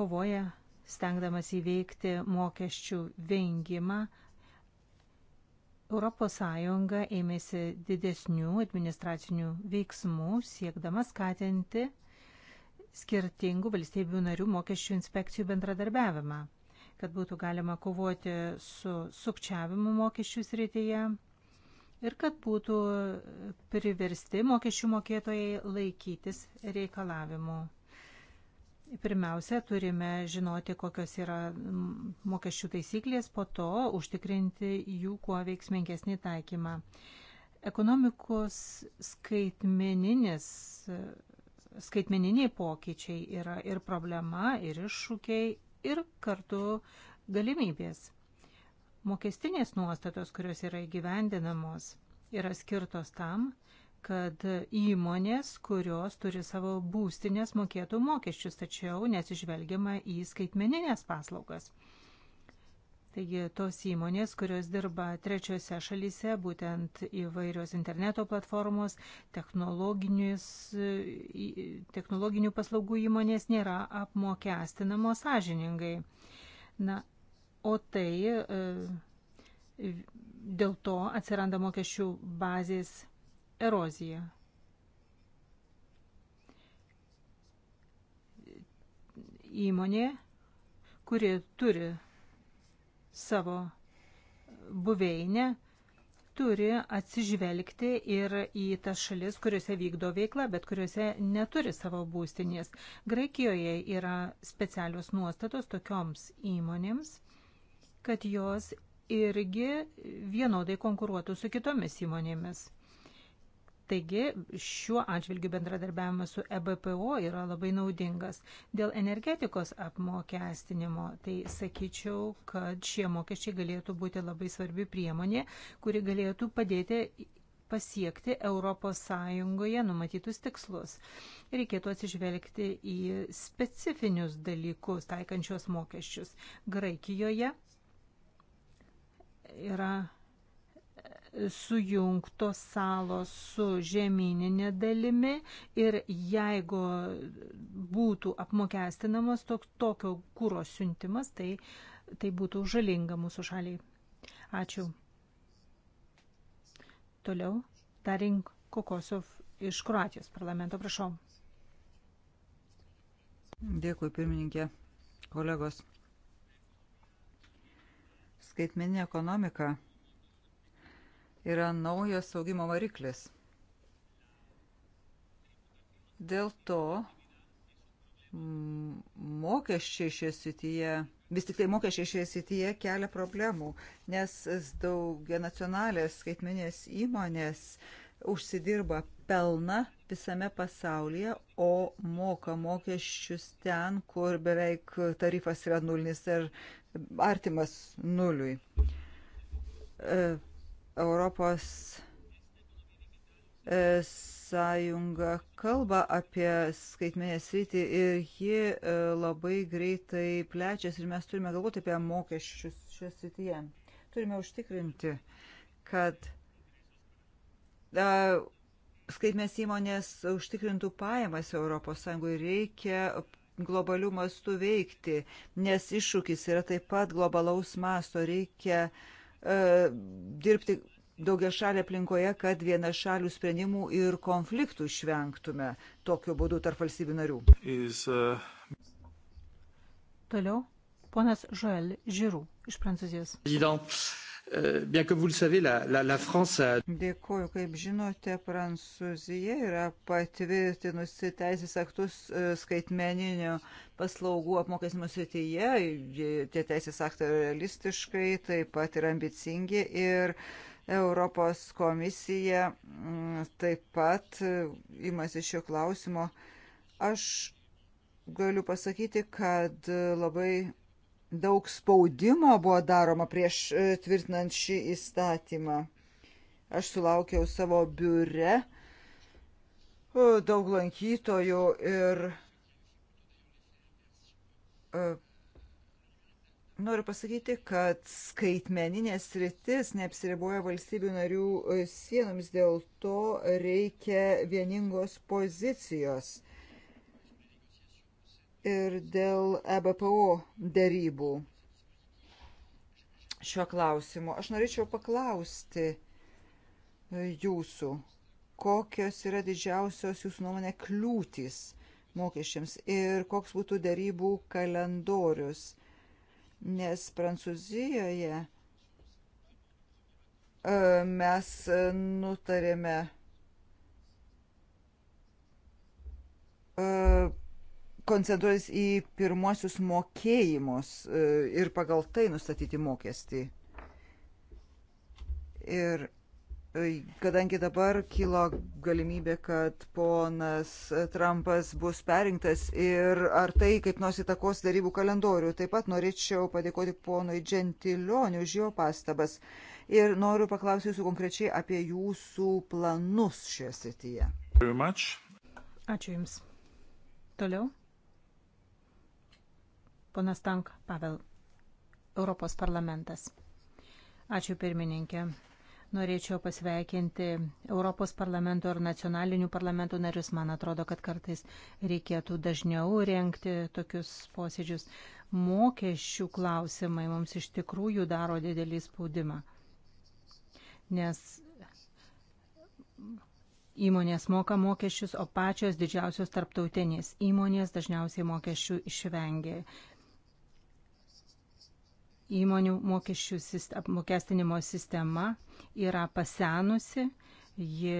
kovoja stengdamas įveikti mokesčių vengimą ES ėmėsi didesnių administracinių veiksmų siekdama skatinti skirtingų valstybių narių mokesčių inspekcijų bendradarbiavimą, kad būtų galima kovoti su sukčiavimu mokesčių srityje ir kad būtų priversti mokesčių mokėtojai laikytis reikalavimų. Pirmiausia, turime žinoti, kokios yra mokesčių taisyklės, po to užtikrinti jų kuo veiksmingesnį taikymą. Ekonomikos skaitmeninis skaitmeniniai pokyčiai yra ir problema, ir iššūkiai, ir kartu galimybės. Mokestinės nuostatos, kurios yra įgyvendinamos, yra skirtos tam, kad įmonės, kurios turi savo būstinės, mokėtų mokesčius, tačiau nesižvelgiama į skaitmeninės paslaugas. Taigi tos įmonės, kurios dirba trečiose šalyse, būtent įvairios interneto platformos, technologinių paslaugų įmonės nėra apmokestinamos sąžiningai. Na, o tai e, dėl to atsiranda mokesčių bazės erozija. Įmonė, kuri turi savo buveinę, turi atsižvelgti ir į tas šalis, kuriuose vykdo veikla, bet kuriuose neturi savo būstinės. Graikijoje yra specialios nuostatos tokioms įmonėms, kad jos irgi vienodai konkuruotų su kitomis įmonėmis. Taigi šiuo atžvilgiu bendradarbiavimas su EBPO yra labai naudingas. Dėl energetikos apmokestinimo, tai sakyčiau, kad šie mokesčiai galėtų būti labai svarbi priemonė, kuri galėtų padėti pasiekti ES numatytus tikslus. Reikėtų atsižvelgti į specifinius dalykus taikančios mokesčius. Graikijoje yra sujungtos salos su žemyninė dalimi ir jeigu būtų apmokestinamas tok, tokio kūro siuntimas, tai, tai būtų žalinga mūsų šaliai. Ačiū. Toliau Darink Kokosov iš Kroatijos parlamento, prašau. Dėkui, pirmininkė, kolegos. Skaitmeninė ekonomika yra naujas augimo variklis. Dėl to mokesčiai šioje sityje, vis tik tai mokesčiai šioje sityje kelia problemų, nes daugia nacionalės skaitminės įmonės užsidirba pelną visame pasaulyje, o moka mokesčius ten, kur beveik tarifas yra nulinis ar artimas nuliui. E, Europos e, sąjunga kalba apie skaitmenę sritį ir ji e, labai greitai plečiasi ir mes turime galvoti apie mokesčius šioje srityje. Turime užtikrinti, kad a, e, skaitmės įmonės užtikrintų pajamas ES reikia globalių mastų veikti, nes iššūkis yra taip pat globalaus masto, reikia uh, E, dirbti daugia šalia aplinkoje, kad viena šalių sprendimų ir konfliktų išvengtume tokiu būdu tarp valstybių narių. Is, uh... Toliau, ponas Joel Žirų iš Prancūzijos. President. Euh, bien que vous le savez, la, la, la France a... Dėkuoju, kaip žinote, Prancūzija yra patvirtinusi teisės aktus e, skaitmeninių paslaugų apmokestinimo srityje. Tie teisės aktai yra realistiškai, taip pat yra ambicingi ir Europos komisija mm, taip pat e, imasi šio klausimo. Aš galiu pasakyti, kad e, labai daug spaudimo buvo daroma prieš e, tvirtinant šį įstatymą. Aš sulaukiau savo biure e, daug lankytojų ir e, noriu pasakyti, kad skaitmeninės rytis neapsiriboja valstybių narių sienoms, dėl to reikia vieningos pozicijos ir dėl EBPO dėrybų šiuo klausimu. Aš norėčiau paklausti e, jūsų, kokios yra didžiausios jūsų nuomonė kliūtis mokesčiams ir koks būtų dėrybų kalendorius. Nes Prancūzijoje e, mes nutarėme e, koncentruotis į pirmuosius mokėjimus e, ir pagal tai nustatyti mokestį. Ir e, kadangi dabar kilo galimybė, kad ponas Trumpas bus perinktas ir ar tai kaip nors įtakos darybų kalendorių, taip pat norėčiau padėkoti ponui Gentilioniu už jo pastabas ir noriu paklausyti jūsų konkrečiai apie jūsų planus šioje srityje. Ačiū Jums. Toliau. Ponas Tank Pavel, Europos parlamentas. Ačiū pirmininkė. Norėčiau pasveikinti Europos parlamento ir nacionalinių parlamentų narius. Man atrodo, kad kartais reikėtų dažniau renkti tokius posėdžius. Mokesčių klausimai mums iš tikrųjų daro didelį spaudimą. Nes Įmonės moka mokesčius, o pačios didžiausios tarptautinės įmonės dažniausiai mokesčių išvengia įmonių mokesčių apmokestinimo sistema yra pasenusi. Ji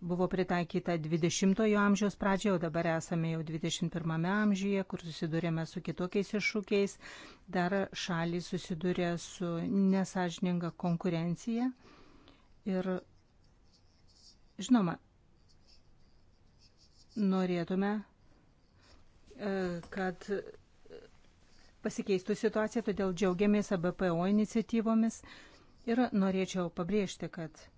buvo pritaikyta 20-ojo amžiaus pradžioje, o dabar esame jau 21-ame amžiuje, kur susidurėme su kitokiais iššūkiais. Dar šaliai susidurė su nesažininga konkurencija. Ir žinoma, norėtume, e, kad pasikeistų situacija, todėl džiaugiamės ABPO iniciatyvomis ir norėčiau pabrėžti, kad e,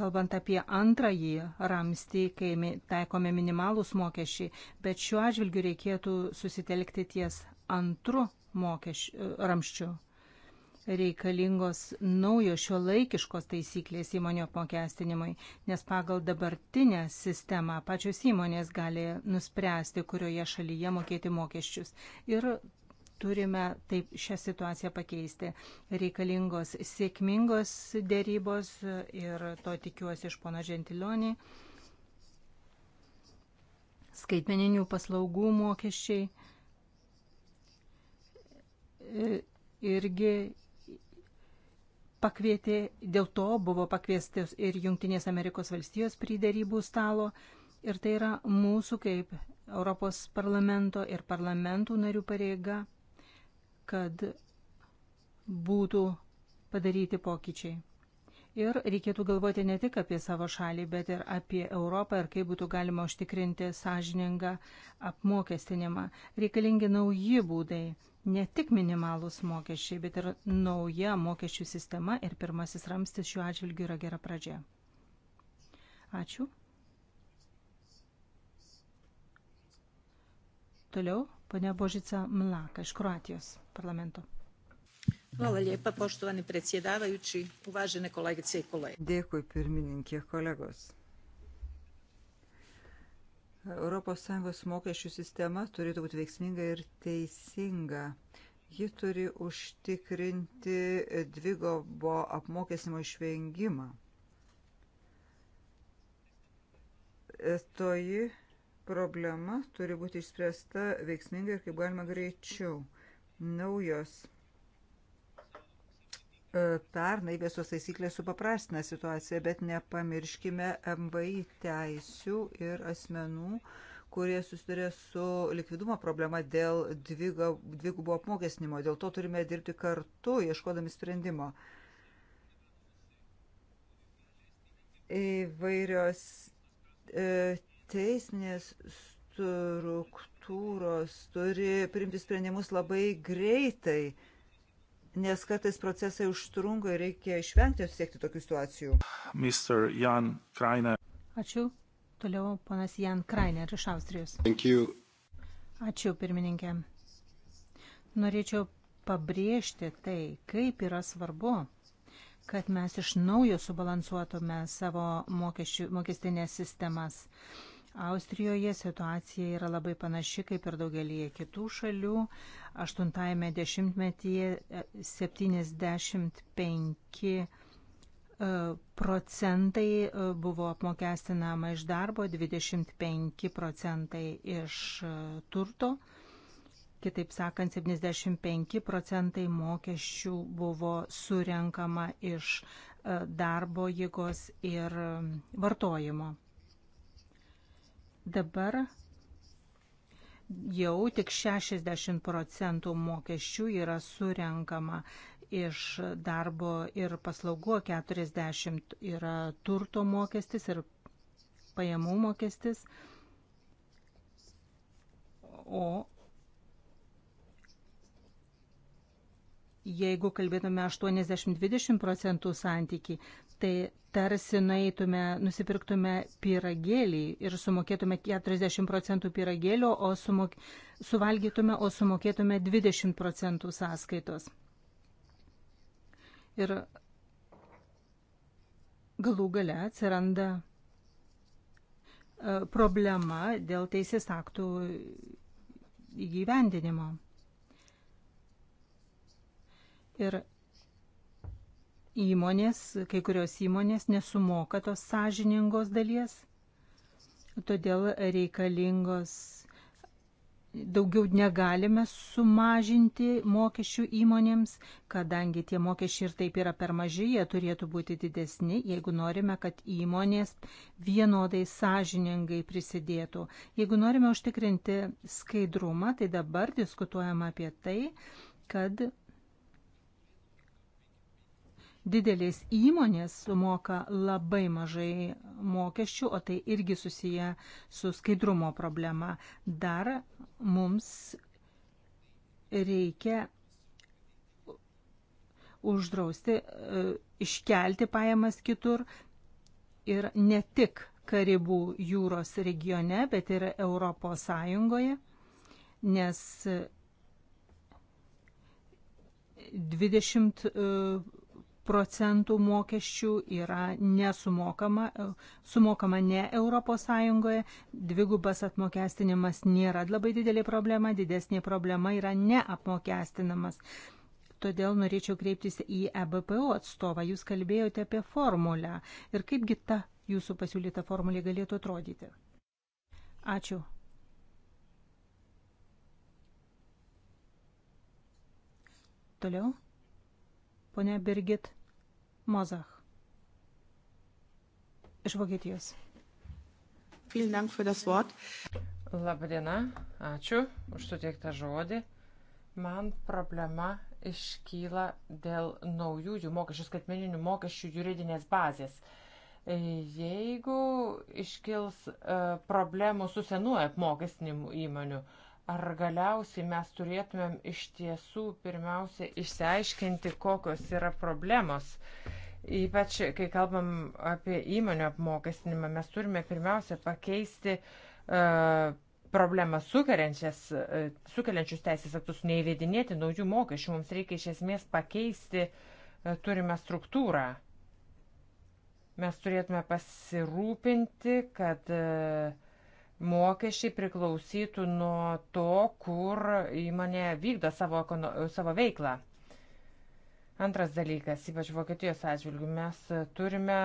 kalbant apie antrąjį ramstį, kai taikome minimalūs mokesčiai, bet šiuo atžvilgiu reikėtų susitelkti ties antru mokesčiu, ramščiu reikalingos naujos šio laikiškos taisyklės įmonių apmokestinimui, nes pagal dabartinę sistemą pačios įmonės gali nuspręsti, kurioje šalyje mokėti mokesčius. Ir turime taip šią situaciją pakeisti. Reikalingos sėkmingos dėrybos ir to tikiuosi iš pono Žentilionį. Skaitmeninių paslaugų mokesčiai e, irgi pakvietė, dėl to buvo pakviestas ir Junktinės Amerikos valstijos pridarybų stalo. Ir tai yra mūsų kaip Europos parlamento ir parlamentų narių pareiga, kad būtų padaryti pokyčiai. Ir reikėtų galvoti ne tik apie savo šalį, bet ir apie Europą ir kaip būtų galima užtikrinti sąžiningą apmokestinimą. Reikalingi nauji būdai, ne tik minimalūs mokesčiai, bet ir nauja mokesčių sistema ir pirmasis ramstis šiuo atžvilgiu yra gera pradžia. Ačiū. Toliau, ponia Božica Mlaka iš Kroatijos parlamento. Hvala lijepa, poštovani predsjedavajući, uvažene kolegice i kolege. Dėkui, pirmininkė, kolegos. ES mokesčių sistema turėtų būti veiksminga ir teisinga. Ji turi užtikrinti dvigobo apmokesnimo išvengimą. Toji problema turi būti išspręsta veiksmingai ir kaip galima greičiau. Naujos pernai vėsos taisyklės supaprastina situaciją, bet nepamirškime MVI teisių ir asmenų, kurie susiduria su likvidumo problema dėl dvigubo apmokesnimo. Dėl to turime dirbti kartu, ieškodami sprendimo. Įvairios e, teisinės struktūros turi priimti sprendimus labai greitai nes kartais procesai užtrunka ir reikia išvengti atsiekti tokių situacijų. Mr. Jan Krainer. Ačiū. Toliau ponas Jan Krainer iš Austrijos. Ačiū, pirmininkė. Norėčiau pabrėžti tai, kaip yra svarbu, kad mes iš naujo subalansuotume savo mokestinės sistemas Austrijoje situacija yra labai panaši kaip ir daugelie kitų šalių. 80-ame dešimtmetyje 75 e, e, procentai e, buvo apmokestinama iš darbo, 25 procentai iš turto. Kitaip sakant, 75 procentai mokesčių buvo surenkama iš darbo jėgos ir vartojimo. Dabar jau tik 60 procentų mokesčių yra surenkama iš darbo ir paslaugų, 40 yra turto mokestis ir pajamų mokestis. O jeigu kalbėtume 80-20 procentų santykį, tai tarsi nueitume, nusipirktume pyragėlį ir sumokėtume 40 procentų pyragėlio, o sumok... suvalgytume, o sumokėtume 20 procentų sąskaitos. Ir galų gale atsiranda e, problema dėl teisės aktų įgyvendinimo. Ir įmonės, kai kurios įmonės nesumoka tos sąžiningos dalies, todėl reikalingos daugiau negalime sumažinti mokesčių įmonėms, kadangi tie mokesčiai ir taip yra per maži, jie turėtų būti didesni, jeigu norime, kad įmonės vienodai sąžiningai prisidėtų. Jeigu norime užtikrinti skaidrumą, tai dabar diskutuojama apie tai, kad didelės įmonės sumoka labai mažai mokesčių, o tai irgi susiję su skaidrumo problema. Dar mums reikia uždrausti, e, iškelti pajamas kitur ir ne tik Karibų jūros regione, bet ir Europos Sąjungoje, nes 20 procentų mokesčių yra nesumokama, sumokama ne ES, dvigubas apmokestinimas nėra labai didelė problema, didesnė problema yra neapmokestinamas. Todėl norėčiau kreiptis į EBPO atstovą. Jūs kalbėjote apie formulę ir kaipgi ta jūsų pasiūlyta formulė galėtų atrodyti. Ačiū. Toliau ponia Birgit Mozach iš Vokietijos. Labdiena, ačiū už suteiktą žodį. Man problema iškyla dėl naujųjų mokesčių, skaitmeninių mokesčių juridinės bazės. Jeigu iškils e, problemų su senuoju apmokestinimu įmonių, uh, ar galiausiai mes turėtumėm iš tiesų pirmiausia išsiaiškinti, kokios yra problemos. Ypač, kai kalbam apie įmonių apmokestinimą, mes turime pirmiausia pakeisti uh, problemą e, sukeliančius teisės aktus, neįvedinėti naujų mokesčių. Mums reikia iš esmės pakeisti uh, turimą struktūrą. Mes turėtume pasirūpinti, kad uh, mokesčiai priklausytų nuo to, kur įmonė vykdo savo, savo veiklą. Antras dalykas, ypač Vokietijos atžvilgių, mes turime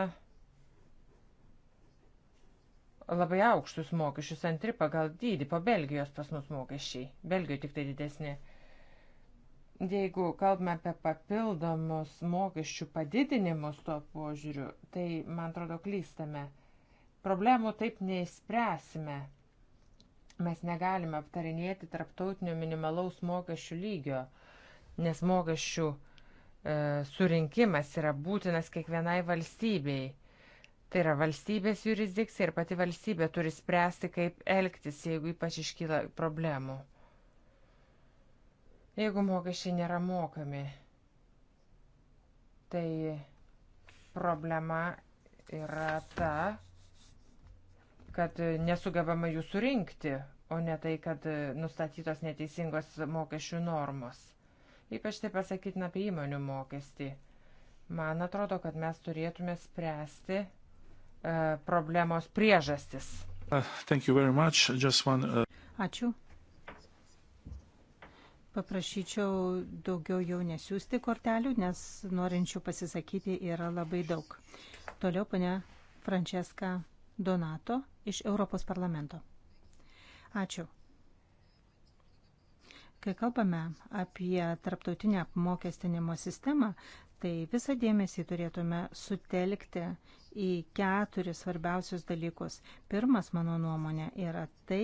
labai aukštus mokesčius, antri pagal dydį, po Belgijos pas mus mokesčiai, Belgijoje tik tai didesni. Jeigu kalbame apie papildomus mokesčių padidinimus tuo požiūriu, tai man atrodo klystame. Problemų taip neįspręsime. Mes negalime aptarinėti tarptautinio minimalaus mokesčių lygio, nes mokesčių e, surinkimas yra būtinas kiekvienai valstybei. Tai yra valstybės jurisdikcija ir pati valstybė turi spręsti, kaip elgtis, jeigu ypač iškyla problemų. Jeigu mokesčiai nėra mokami, tai problema yra ta, kad nesugebama jų surinkti, o ne tai, kad nustatytos neteisingos mokesčių normos. Ypač tai pasakytina apie įmonių mokestį. Man atrodo, kad mes turėtume spręsti e, problemos priežastis. Uh, one, uh... Ačiū. Paprašyčiau daugiau jau nesiųsti kortelių, nes norinčių pasisakyti yra labai daug. Toliau, ponia Frančeska Donato iš Europos parlamento. Ačiū. Kai kalbame apie tarptautinę apmokestinimo sistemą, tai visą dėmesį turėtume sutelkti į keturis svarbiausius dalykus. Pirmas, mano nuomonė, yra tai,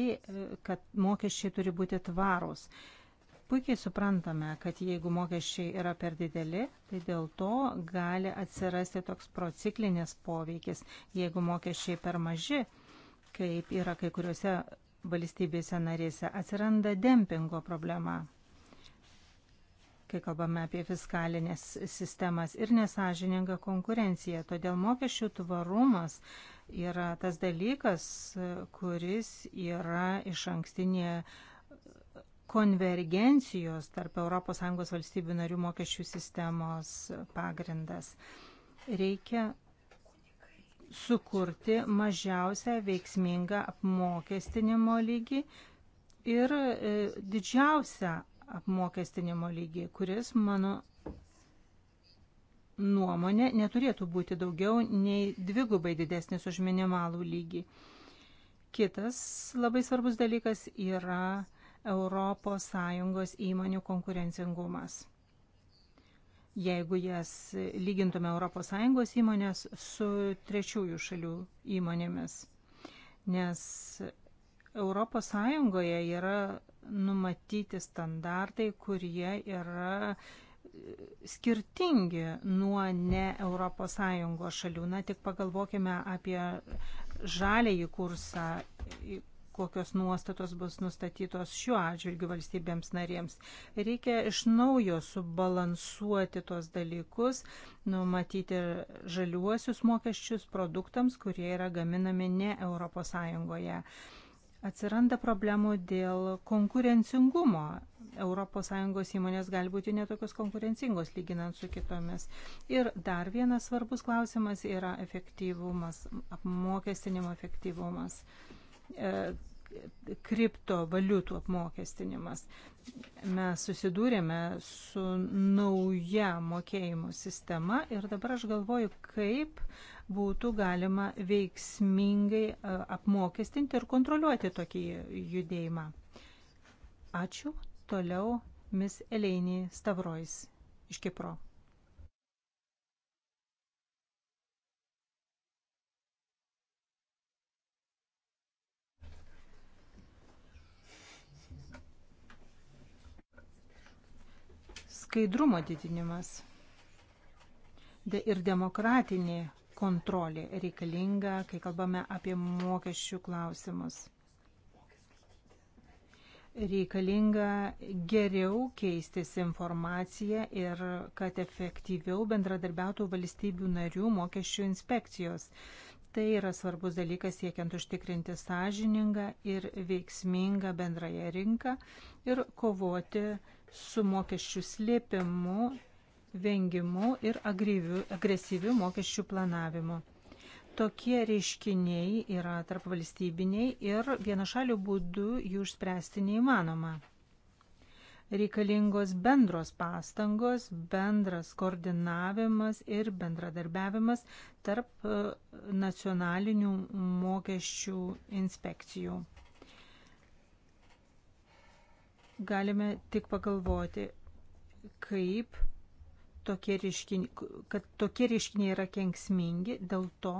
kad mokesčiai turi būti tvarūs. Puikiai suprantame, kad jeigu mokesčiai yra per dideli, tai dėl to gali atsirasti toks prociklinis poveikis. Jeigu mokesčiai per maži, kaip yra kai kuriuose valstybėse narėse, atsiranda dempingo problema kai kalbame apie fiskalinės sistemas ir nesažiningą konkurenciją. Todėl mokesčių tvarumas yra tas dalykas, kuris yra iš ankstinėje konvergencijos tarp ES valstybių narių mokesčių sistemos pagrindas. Reikia sukurti mažiausią veiksmingą apmokestinimo lygį ir e, didžiausią apmokestinimo lygį, kuris, mano nuomonė, neturėtų būti daugiau nei dvigubai didesnis už minimalų lygį. Kitas labai svarbus dalykas yra ES įmonių konkurencingumas. Jeigu jas lygintume ES įmonės su trečiųjų šalių įmonėmis, nes ES yra numatyti standartai, kurie yra skirtingi nuo ne ES šalių. Na, tik pagalvokime apie žalėjį kursą, kokios nuostatos bus nustatytos šiuo atžvilgiu valstybėms narėms. Reikia iš naujo subalansuoti tos dalykus, numatyti žaliuosius mokesčius produktams, kurie yra gaminami ne ES. Atsiranda problemų dėl konkurencingumo ES įmonės gali būti netokios konkurencingos lyginant su kitomis. Ir dar vienas svarbus klausimas yra efektyvumas, apmokestinimo efektyvumas. E, kriptovaliutų apmokestinimas. Mes susidūrėme su nauja mokėjimų sistema ir dabar aš galvoju, kaip būtų galima veiksmingai e, apmokestinti ir kontroliuoti tokį judėjimą. Ačiū. Toliau Miss Eleinį Stavrois iš Kipro. skaidrumo didinimas ir demokratinė kontrolė reikalinga, kai kalbame apie mokesčių klausimus. Reikalinga geriau keistis informaciją ir kad efektyviau bendradarbiautų valstybių narių mokesčių inspekcijos. Tai yra svarbus dalykas siekiant užtikrinti sąžiningą ir veiksmingą bendrąją rinką ir kovoti su mokesčių slėpimu, vengimu ir agresyviu mokesčių planavimu. Tokie reiškiniai yra tarp valstybiniai ir vienašalių būdų jų išspręsti neįmanoma. Reikalingos bendros pastangos, bendras koordinavimas ir bendradarbiavimas tarp e, nacionalinių mokesčių inspekcijų. galime tik pagalvoti, kaip tokie reiškiniai, kad tokie reiškiniai yra kenksmingi, dėl to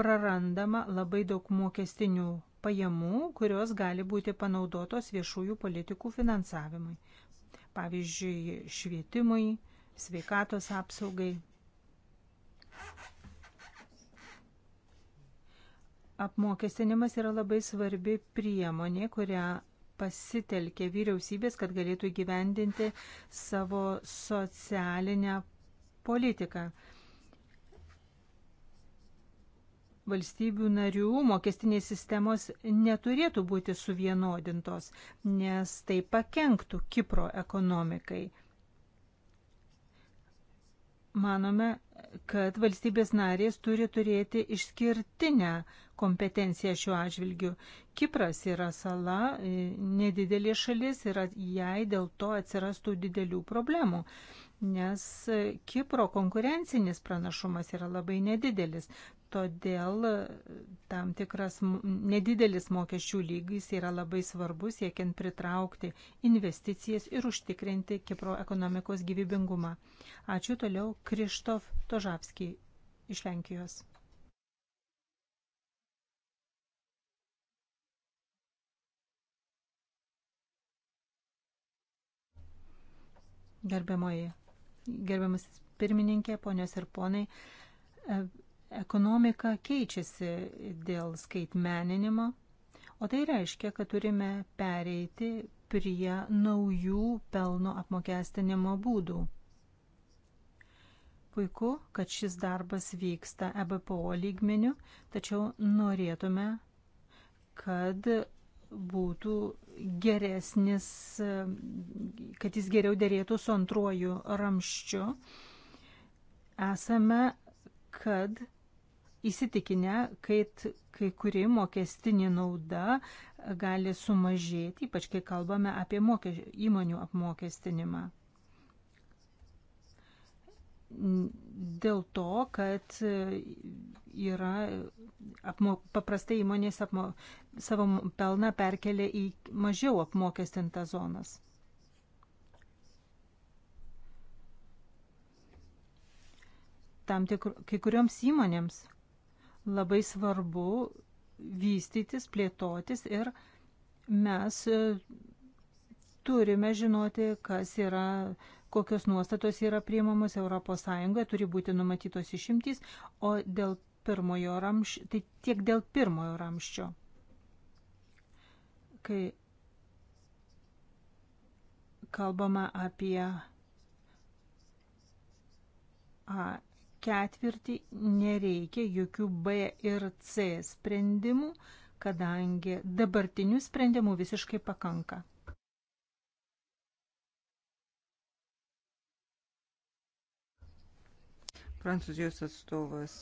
prarandama labai daug mokestinių pajamų, kurios gali būti panaudotos viešųjų politikų finansavimui. Pavyzdžiui, švietimui, sveikatos apsaugai. Apmokestinimas yra labai svarbi priemonė, kurią pasitelkė vyriausybės, kad galėtų įgyvendinti savo socialinę politiką. Valstybių narių mokestinės sistemos neturėtų būti suvienodintos, nes tai pakenktų Kipro ekonomikai manome, kad valstybės narės turi turėti išskirtinę kompetenciją šiuo atžvilgiu. Kipras yra sala, e, nedidelė šalis ir jai dėl to atsirastų didelių problemų, nes e, Kipro konkurencinis pranašumas yra labai nedidelis. Todėl e, tam tikras nedidelis mokesčių lygis yra labai svarbus, siekiant pritraukti investicijas ir užtikrinti Kipro ekonomikos gyvybingumą. Ačiū toliau Krištof Tožavski iš Lenkijos. Gerbiamoji, gerbiamas pirmininkė, ponios ir ponai, e, Ekonomika keičiasi dėl skaitmeninimo, o tai reiškia, kad turime pereiti prie naujų pelno apmokestinimo būdų. Puiku, kad šis darbas vyksta EBPO lygmeniu, tačiau norėtume, kad būtų geresnis, kad jis geriau dėrėtų su antruoju ramščiu. Esame, kad įsitikinę, kad kai kuri mokestinė nauda gali sumažėti, ypač kai kalbame apie mokes, įmonių apmokestinimą. Dėl to, kad yra apmo, paprastai įmonės apmo, savo pelną perkelia į mažiau apmokestintas zonas. Tam tikru, kai kurioms įmonėms Labai svarbu vystytis, plėtotis ir mes e, turime žinoti, kas yra, kokios nuostatos yra priimamos ES, turi būti numatytos išimtys, o dėl pirmojo ramščio, tai tiek dėl pirmojo ramščio. Kai kalbama apie ketvirtį nereikia jokių B ir C sprendimų, kadangi dabartinių sprendimų visiškai pakanka. Prancūzijos atstovas.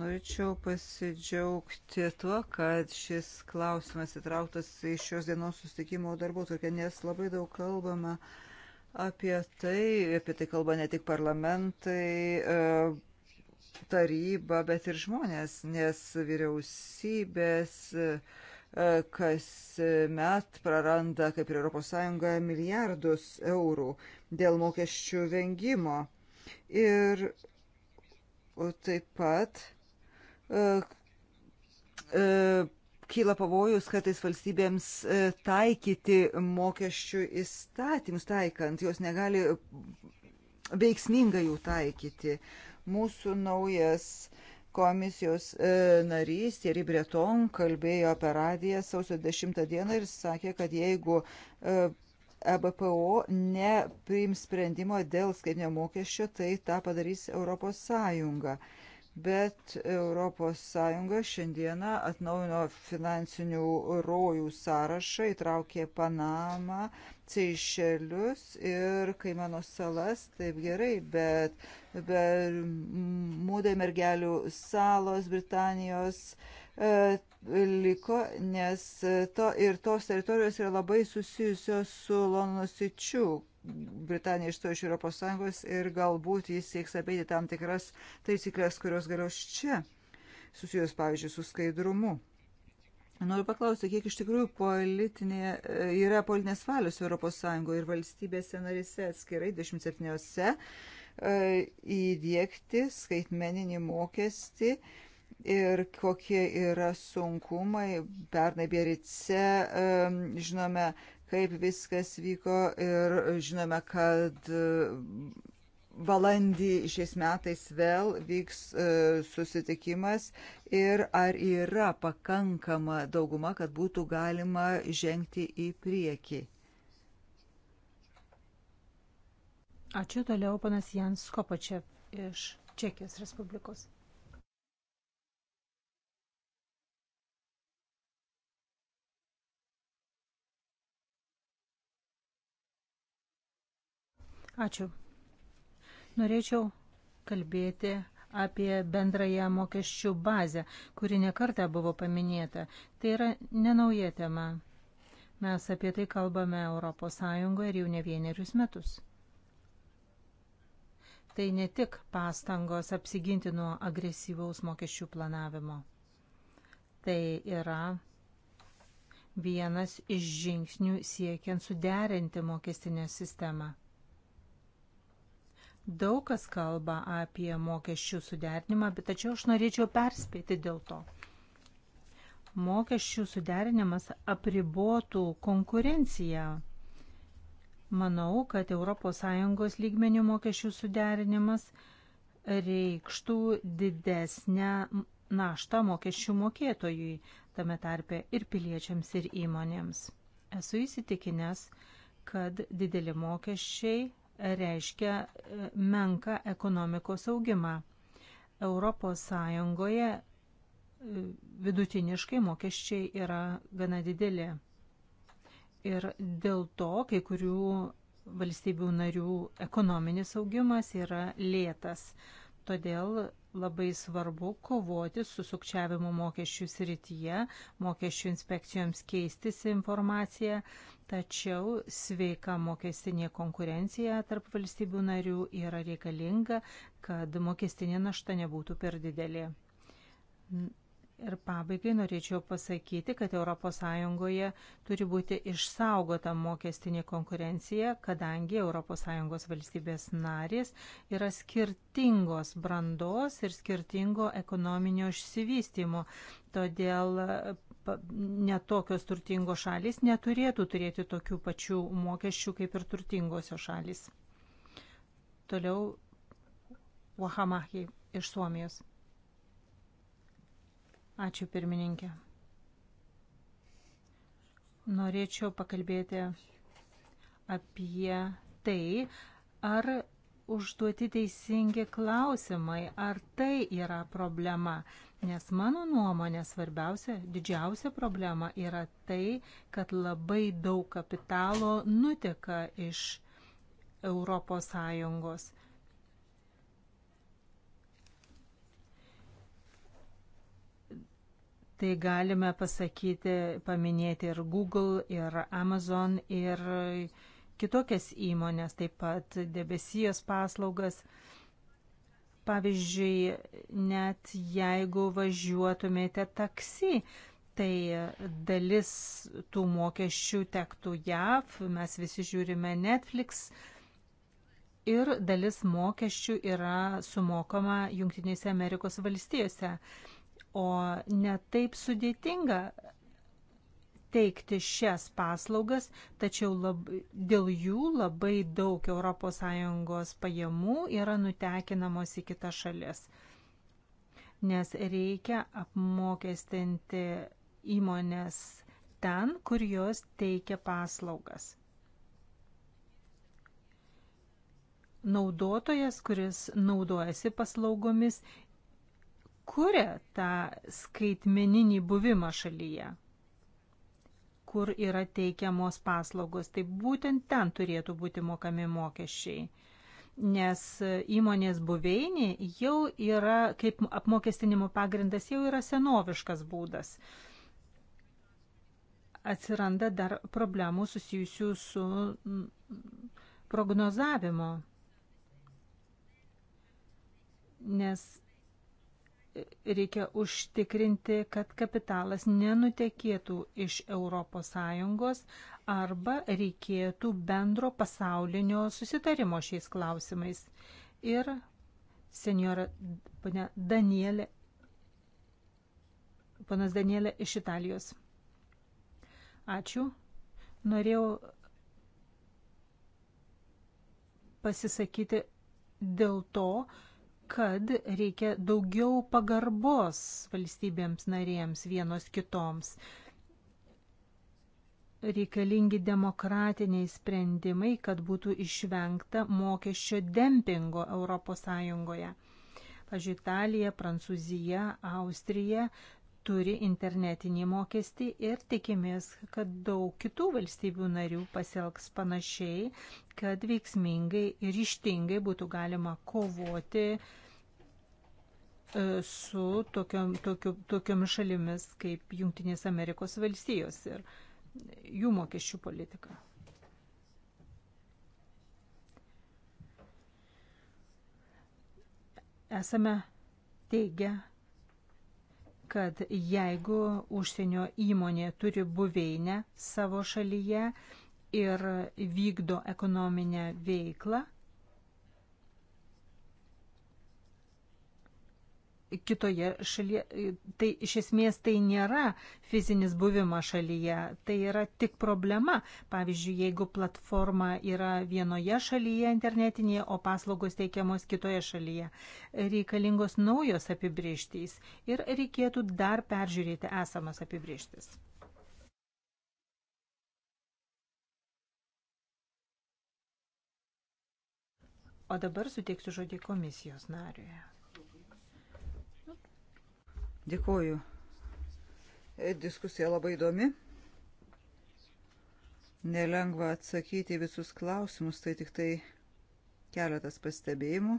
Norėčiau pasidžiaugti tuo, kad šis klausimas įtrauktas į šios dienos susitikimo darbo tokia, nes labai daug kalbama uh, apie tai, apie tai kalba ne tik parlamentai, e, taryba, bet ir žmonės, nes vyriausybės e, kas met praranda, kaip ir ES, milijardus eurų dėl mokesčių vengimo. Ir taip pat e, kyla pavojus kartais valstybėms e, taikyti mokesčių įstatymus, taikant, jos negali veiksmingai jų taikyti. Mūsų naujas komisijos e, narys Thierry Breton kalbėjo per radiją sausio 10 dieną ir sakė, kad jeigu e, EBPO nepriims sprendimo dėl skaitinio mokesčio, tai tą padarys Europos Sąjunga. E, bet ES šiandieną atnaujino finansinių rojų sąrašą, įtraukė Panamą, Seišelius ir Kaimano salas, taip gerai, bet Bermudai mergelių salos, Britanijos, e, liko, nes to ir tos teritorijos yra labai susijusios su Londono sičiu. Britanija išstojo iš Europos Sąjungos ir galbūt jis sieks apeiti tam tikras taisyklės, kurios galios čia, susijus, pavyzdžiui, su skaidrumu. Noriu paklausti, kiek iš tikrųjų politinė, yra politinės valios Europos Sąjungoje ir valstybėse narise atskirai 27 e, įdėkti skaitmeninį mokestį ir kokie yra sunkumai. Pernai Bierice žinome, kaip viskas vyko ir žinome, kad valandį šiais metais vėl vyks e, susitikimas ir ar yra pakankama dauguma, kad būtų galima žengti į priekį. Ačiū toliau panas Jans Kopačev iš Čekijos Respublikos. Ačiū. Norėčiau kalbėti apie bendrąją mokesčių bazę, kuri nekarta buvo paminėta. Tai yra nenauja tema. Mes apie tai kalbame ES ir jau ne vienerius metus. Tai ne tik pastangos apsiginti nuo agresyvaus mokesčių planavimo. Tai yra vienas iš žingsnių siekiant suderinti mokestinę sistemą. Daug kas kalba apie mokesčių suderinimą, bet tačiau aš norėčiau perspėti dėl to. Mokesčių suderinimas apribotų konkurenciją. Manau, kad ES lygmenių mokesčių suderinimas reikštų didesnę naštą mokesčių mokėtojui, tame tarpe ir piliečiams, ir įmonėms. Esu įsitikinęs, kad dideli mokesčiai reiškia e, menką ekonomikos augimą. Europos Sąjungoje e, vidutiniškai mokesčiai yra gana dideli. Ir dėl to kai kurių valstybių narių ekonominis augimas yra lėtas. Todėl labai svarbu kovoti su sukčiavimu mokesčių srityje, mokesčių inspekcijoms keistis informaciją, tačiau sveika mokestinė konkurencija tarp valstybių narių yra reikalinga, kad mokestinė našta nebūtų per didelė. Ir pabaigai norėčiau pasakyti, kad ES turi būti išsaugota mokestinė konkurencija, kadangi ES valstybės narės yra skirtingos brandos ir skirtingo ekonominio išsivystymo. Todėl e, netokios turtingos šalis neturėtų turėti tokių pačių mokesčių kaip ir turtingosios šalis. Toliau Wahamahi iš Suomijos. Ačiū pirmininkė. Norėčiau pakalbėti apie tai, ar užduoti teisingi klausimai, ar tai yra problema. Nes mano nuomonė svarbiausia, didžiausia problema yra tai, kad labai daug kapitalo nuteka iš ES. Tai galime pasakyti, paminėti ir Google, ir Amazon, ir kitokias įmonės, taip pat debesijos paslaugas. Pavyzdžiui, net jeigu važiuotumėte taksi, tai dalis tų mokesčių tektų JAV, mes visi žiūrime Netflix ir dalis mokesčių yra sumokama Junktinėse Amerikos valstijose o netaip sudėtinga teikti šias paslaugas, tačiau lab, dėl jų labai daug ES pajamų yra nutekinamos į kitas šalis, nes reikia apmokestinti įmonės ten, kur jos teikia paslaugas. Naudotojas, kuris naudojasi paslaugomis, kuria tą skaitmeninį buvimą šalyje, kur yra teikiamos paslaugos. Tai būtent ten turėtų būti mokami mokesčiai, nes įmonės buveinė jau yra, kaip apmokestinimo pagrindas, jau yra senoviškas būdas. Atsiranda dar problemų susijusių su prognozavimo. Nes reikia užtikrinti, kad kapitalas nenutekėtų iš ES arba reikėtų bendro pasaulinio susitarimo šiais klausimais. Ir senjora ponia Danielė, ponas Danielė iš Italijos. Ačiū. Norėjau pasisakyti dėl to, kad reikia daugiau pagarbos valstybėms narėms vienos kitoms. Reikalingi demokratiniai sprendimai, kad būtų išvengta mokesčio dempingo ES. Pavyzdžiui, Italija, Prancūzija, Austrija turi internetinį mokestį ir tikimės, kad daug kitų valstybių narių pasielgs panašiai, kad veiksmingai ir ištingai būtų galima kovoti e, su tokiom, tokiu, tokiom šalimis kaip Junktinės Amerikos valstijos ir jų mokesčių politika. Esame teigia kad jeigu užsienio įmonė turi buveinę savo šalyje ir vykdo ekonominę veiklą, kitoje šalyje, tai iš esmės tai nėra fizinis buvimas šalyje, tai yra tik problema. Pavyzdžiui, jeigu platforma yra vienoje šalyje internetinėje, o paslaugos teikiamos kitoje šalyje, reikalingos naujos apibrieštys ir reikėtų dar peržiūrėti esamas apibrieštis. O dabar suteiksiu žodį komisijos nariui. Dėkuoju. E, diskusija labai įdomi. Nelengva atsakyti visus klausimus, tai tik tai keletas pastebėjimų.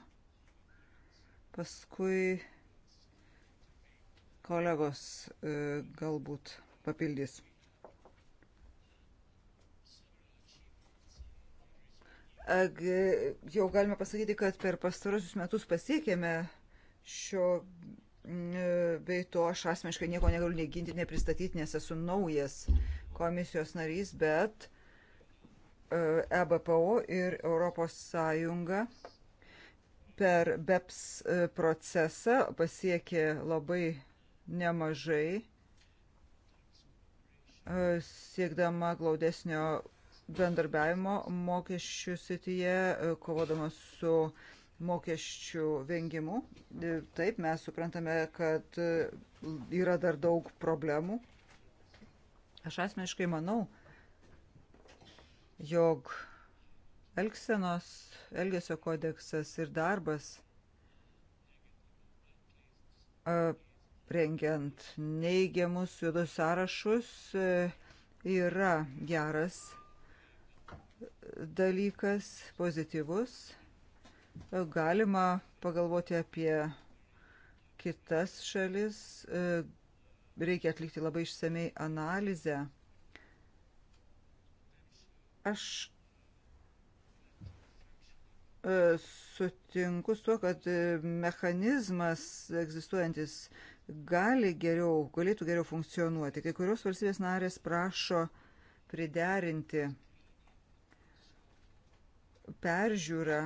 Paskui kolegos e, galbūt papildys. Jau galime pasakyti, kad per pastarosius metus pasiekėme šio bei to aš asmeniškai nieko negaliu neginti, nepristatyti, nes esu naujas komisijos narys, bet EBPO e ir ES per BEPS e, procesą pasiekė labai nemažai, e, siekdama glaudesnio bendarbiavimo mokesčių sityje, kovodama su mokesčių vengimu. E, taip, mes suprantame, kad e, yra dar daug problemų. Aš asmeniškai manau, jog Elksenos, Elgesio kodeksas ir darbas e, rengiant neigiamus juodus sąrašus yra geras dalykas, pozityvus Galima pagalvoti apie kitas šalis, e, reikia atlikti labai išsamei analizę. Aš e, sutinku su to, kad e, mechanizmas egzistuojantis gali geriau, galėtų geriau funkcionuoti. Kai kurios valstybės narės prašo priderinti peržiūrą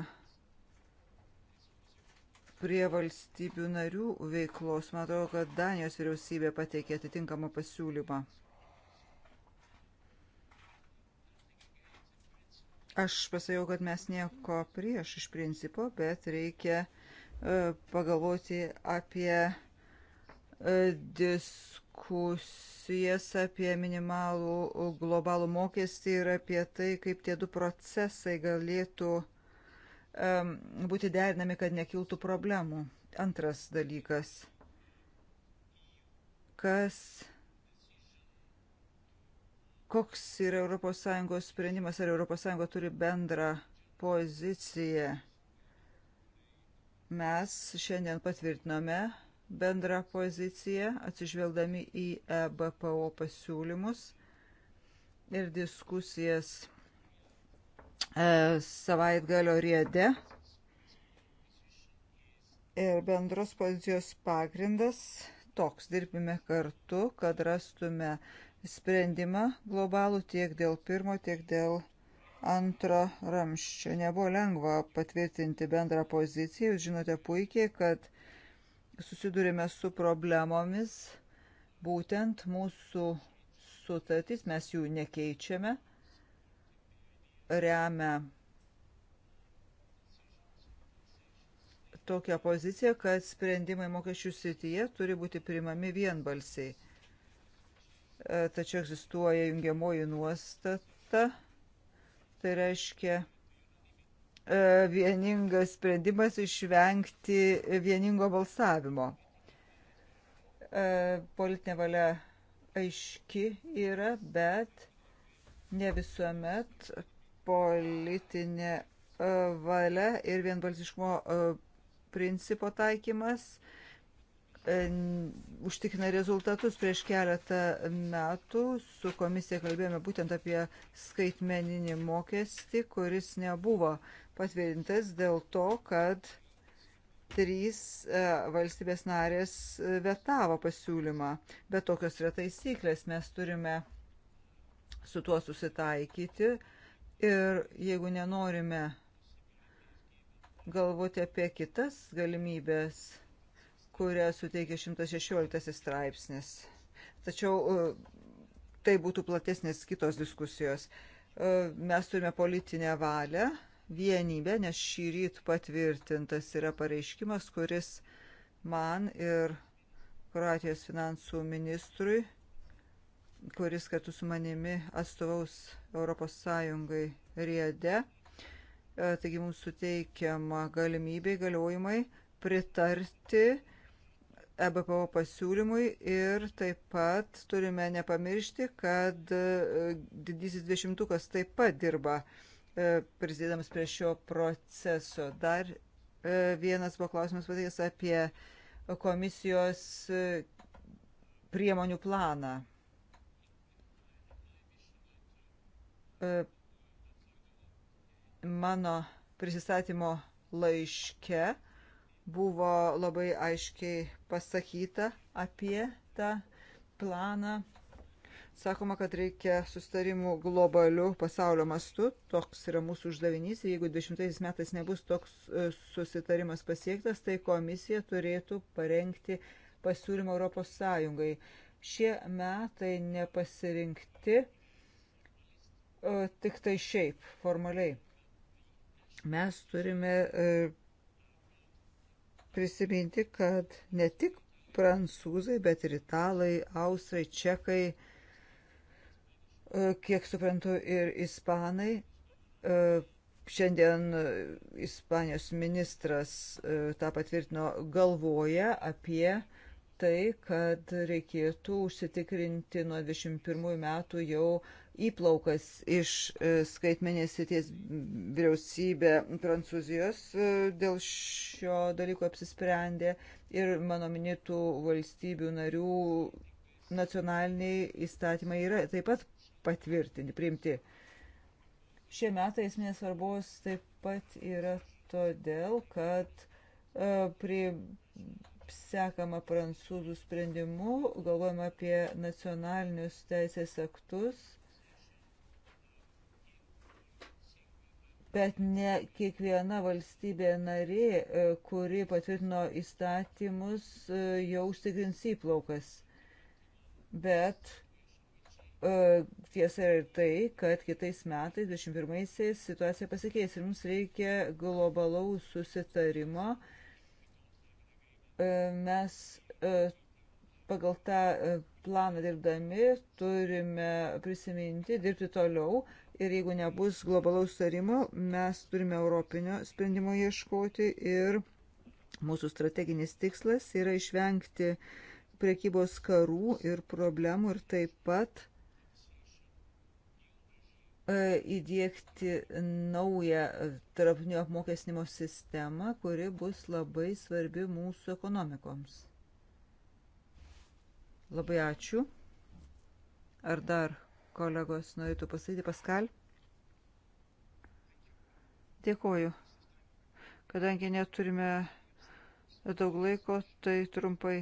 prie valstybių narių veiklos. Man atrodo, kad Danijos vyriausybė pateikė atitinkamą pasiūlymą. Aš pasakiau, kad mes nieko prieš iš principo, bet reikia e, pagalvoti apie e, diskusijas apie minimalų globalų mokestį ir apie tai, kaip tie du procesai galėtų būti derinami, kad nekiltų problemų. Antras dalykas, kas, koks yra ES sprendimas, ar ES turi bendrą poziciją. Mes šiandien patvirtinome bendrą poziciją, atsižvelgdami į EBPO pasiūlymus ir diskusijas E, savaitgalio riede. Ir bendros pozicijos pagrindas toks, dirbime kartu, kad rastume sprendimą globalų tiek dėl pirmo, tiek dėl antro ramščio. Nebuvo lengva patvirtinti bendrą poziciją, jūs žinote puikiai, kad susidurime su problemomis, būtent mūsų sutartys, mes jų nekeičiame remia tokią poziciją, kad sprendimai mokesčių srityje turi būti primami vienbalsiai. E, tačiau egzistuoja jungiamoji nuostata, tai reiškia e, vieningas sprendimas išvengti vieningo balsavimo. E, politinė valia aiški yra, bet ne visuomet politinė e, valia ir vienbalsiškumo e, principo taikymas e, užtikrina rezultatus. Prieš keletą metų su komisija kalbėjome būtent apie skaitmeninį mokestį, kuris nebuvo patvirtintas dėl to, kad trys valstybės narės vetavo pasiūlymą. Bet tokios yra taisyklės, mes turime su tuo susitaikyti. Ir jeigu nenorime galvoti apie kitas galimybės, kurias suteikia 116 straipsnis. Tačiau e, tai būtų platesnės kitos diskusijos. E, mes turime politinę valią, vienybę, nes šį rytą patvirtintas yra pareiškimas, kuris man ir Kroatijos finansų ministrui kuris kartu su manimi atstovaus Europos Sąjungai riede. E, taigi mums suteikiama galimybė galiojimai pritarti EBPO pasiūlymui ir taip pat turime nepamiršti, kad e, didysis dvidešimtukas taip pat dirba e, prisidėdamas prie šio proceso. Dar vienas buvo klausimas pateikęs apie komisijos priemonių planą. E, mano prisistatymo laiške buvo labai aiškiai pasakyta apie tą planą Sakoma, kad reikia sustarimų globalių pasaulio mastu, toks yra mūsų uždavinys. Jeigu 20 metais nebus toks e, susitarimas pasiektas, tai komisija turėtų parengti pasiūlymą Europos Sąjungai. Šie metai nepasirinkti E, tik tai šiaip, formaliai. Mes turime e, prisiminti, kad ne tik prancūzai, bet ir italai, austrai, čekai, e, kiek suprantu, ir ispanai šiandien Ispanijos ministras tą patvirtino, galvoja apie tai, kad reikėtų užsitikrinti nuo 21 metų jau įplaukas iš e, skaitmenės sėties vyriausybė Prancūzijos e, dėl šio dalyko apsisprendė ir mano minėtų valstybių narių nacionaliniai įstatymai yra taip pat patvirtinti, priimti. Šie metai esminės svarbos taip pat yra todėl, kad e, prie sekama prancūzų sprendimu, galvojama apie nacionalinius teisės aktus bet ne kiekviena valstybė narė, e, kuri patvirtino įstatymus, e, jau užtikrins įplaukas. Bet e, tiesa ir tai, kad kitais metais, 21-aisiais, situacija pasikeis ir mums reikia globalaus susitarimo. Mes pagal tą planą dirbdami turime prisiminti, dirbti toliau, ir jeigu nebus globalaus tarimo, mes turime europinio sprendimo ieškoti ir mūsų strateginis tikslas yra išvengti priekybos karų ir problemų ir taip pat e, įdėkti naują tarpinio apmokesnimo sistemą, kuri bus labai svarbi mūsų ekonomikoms. Labai ačiū. Ar dar kolegos norėtų pasakyti. Paskal. Dėkoju. Kadangi neturime daug laiko, tai trumpai.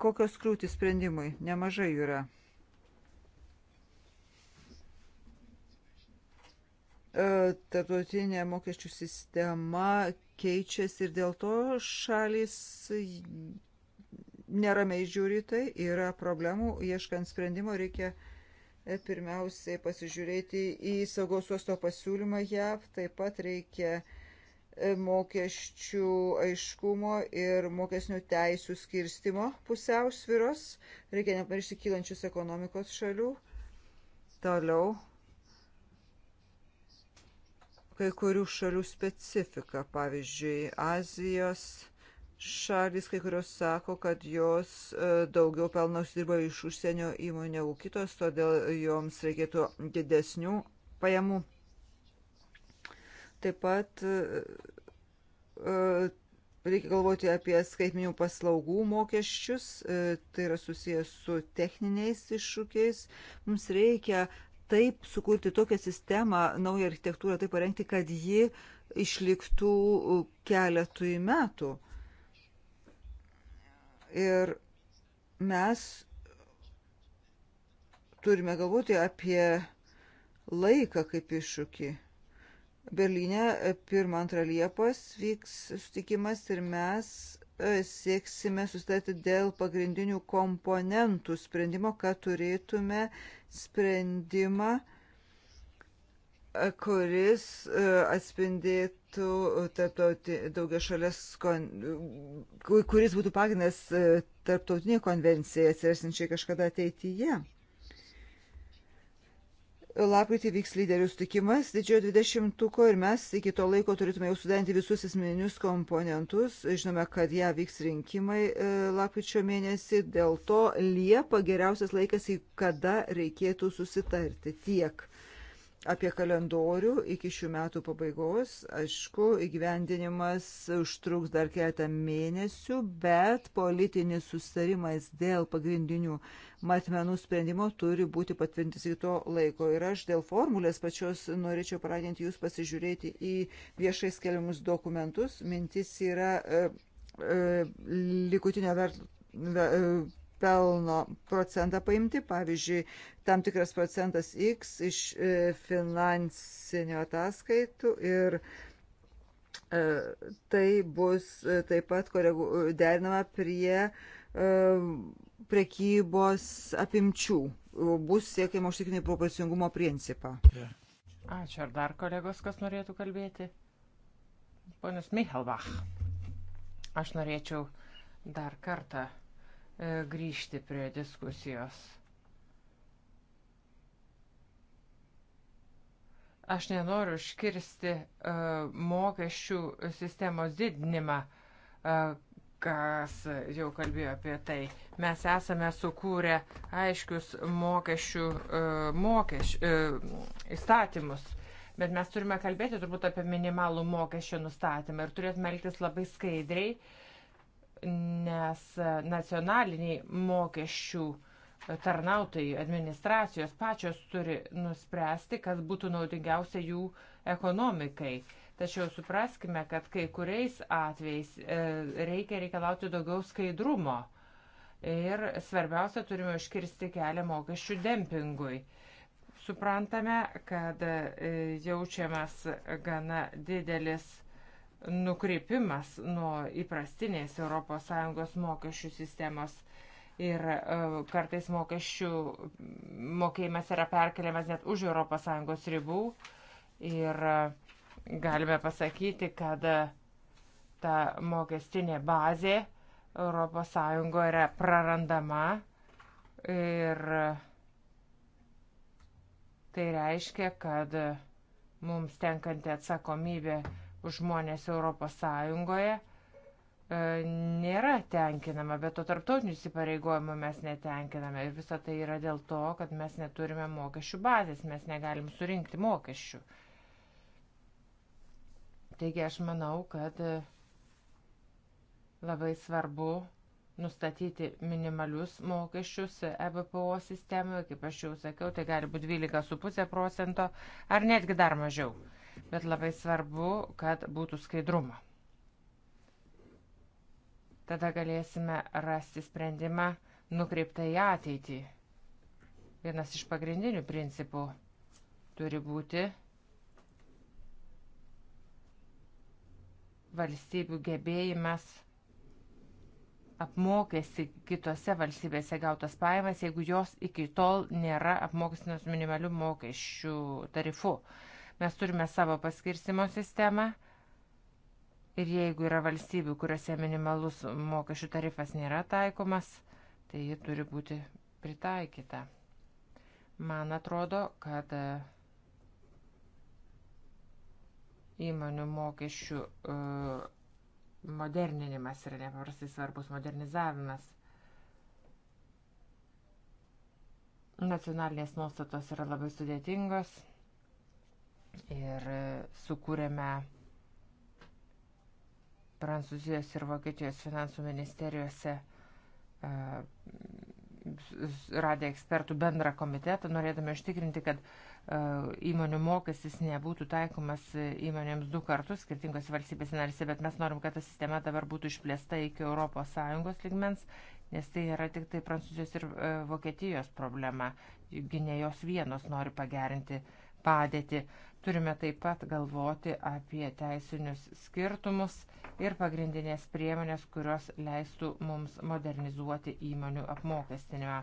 Kokios kliūtis sprendimui? Nemažai yra. E, tarptautinė mokesčių sistema keičiasi ir dėl to šalis neramiai žiūri tai, yra problemų, ieškant sprendimo reikia uh, E, pirmiausiai pasižiūrėti į saugos uosto pasiūlymą JAV, taip pat reikia e, mokesčių aiškumo ir mokesnių teisų skirstimo pusiausviros, reikia nepamiršti kylančius ekonomikos šalių. Toliau kai kurių šalių specifiką, pavyzdžiui, Azijos šalis, kai kurios sako, kad jos e, daugiau pelno uždirba iš užsienio įmonių negu kitos, todėl joms reikėtų didesnių pajamų. Taip pat e, e, reikia galvoti apie skaitminių paslaugų mokesčius, tai yra susijęs su techniniais iššūkiais. Mums reikia taip sukurti tokią sistemą, naują architektūrą taip parengti, kad ji išliktų keletui metų Ir mes turime galvoti apie laiką kaip iššūkį. Berlyne 1-2 Liepos vyks sustikimas ir mes e, sieksime sustarti dėl pagrindinių komponentų sprendimo, kad turėtume sprendimą, e, kuris e, atspindėtų būtų e, daugia šalės, kuris būtų pagrindas e, tarptautiniai konvencijai atsirasinčiai kažkada ateityje. Lapkritį vyks lyderių sutikimas didžiojo dvidešimtuko ir mes iki to laiko turėtume jau sudaryti visus esminius komponentus. Žinome, kad ją vyks rinkimai e, lapkričio mėnesį, dėl to Liepa geriausias laikas, į kada reikėtų susitarti tiek apie kalendorių iki šių metų pabaigos. Aišku, įgyvendinimas užtruks dar keletą mėnesių, bet politinis sustarimas dėl pagrindinių matmenų sprendimo turi būti patvirtintas iki to laiko. Ir aš dėl formulės pačios norėčiau paraginti jūs pasižiūrėti į viešai skelbiamus dokumentus. Mintis yra e, e, likutinio vertinimo pelno procentą paimti, pavyzdžiui, tam tikras procentas X iš e, finansinio ataskaitų ir e, tai bus e, taip pat koregu, derinama prie prekybos apimčių. Bus siekiama užtikrinti proporcingumo principą. Ačiū. Ar dar kolegos, kas norėtų kalbėti? Ponas Michalbach. Aš norėčiau dar kartą E, grįžti prie diskusijos. Aš nenoriu iškirsti uh, e, mokesčių sistemos didinimą, uh, kas jau kalbėjo apie tai. Mes esame sukūrę aiškius mokesčių uh, mokeš, uh, įstatymus, bet mes turime kalbėti turbūt apie minimalų mokesčio nustatymą ir turėtume elgtis labai skaidriai. Uh, nes nacionaliniai mokesčių tarnautojai, administracijos pačios turi nuspręsti, kas būtų naudingiausia jų ekonomikai. Tačiau supraskime, kad kai kuriais atvejais e, reikia reikalauti daugiau skaidrumo. Ir svarbiausia, turime užkirsti kelią mokesčių dempingui. Suprantame, kad e, jaučiamas gana didelis nukreipimas nuo įprastinės ES mokesčių sistemos. Ir e, kartais mokesčių mokėjimas yra perkeliamas net už ES ribų. Ir e, galime pasakyti, kad e, ta mokestinė bazė ES yra prarandama. Ir tai reiškia, kad mums tenkanti atsakomybė žmonės Europos Sąjungoje e, nėra tenkinama, bet to tarptautinių įsipareigojimų mes netenkiname. Ir visa tai yra dėl to, kad mes neturime mokesčių bazės, mes negalim surinkti mokesčių. Taigi aš manau, kad e, labai svarbu nustatyti minimalius mokesčius EBPO sistemoje, kaip aš jau sakiau, tai gali būti 12,5 procento ar netgi dar mažiau bet labai svarbu, kad būtų skaidrumo. Tada galėsime rasti sprendimą nukreiptą į ateitį. Vienas iš pagrindinių principų turi būti valstybių gebėjimas apmokėsi kitose valstybėse gautas pajamas, jeigu jos iki tol nėra apmokestinos minimalių mokesčių tarifu. Uh, Mes turime savo paskirstimo sistemą ir jeigu yra valstybių, kuriuose minimalus mokesčių tarifas nėra taikomas, tai ji turi būti pritaikyta. Man atrodo, kad e, įmonių mokesčių e, moderninimas yra nepaprastai svarbus modernizavimas. Nacionalinės nuostatos yra labai sudėtingos, ir sukūrėme Prancūzijos ir Vokietijos finansų ministerijose radę ekspertų bendrą komitetą, norėdami ištikrinti, kad įmonių mokestis nebūtų taikomas įmonėms du kartus skirtingos valstybės narėse, bet mes norim, kad ta sistema dabar būtų išplėsta iki ES ligmens, nes tai yra tik tai Prancūzijos ir Vokietijos problema, ginėjos vienos nori pagerinti uh, padėtį. Turime taip pat galvoti apie teisinius skirtumus ir pagrindinės priemonės, kurios leistų mums modernizuoti įmonių apmokestinimą.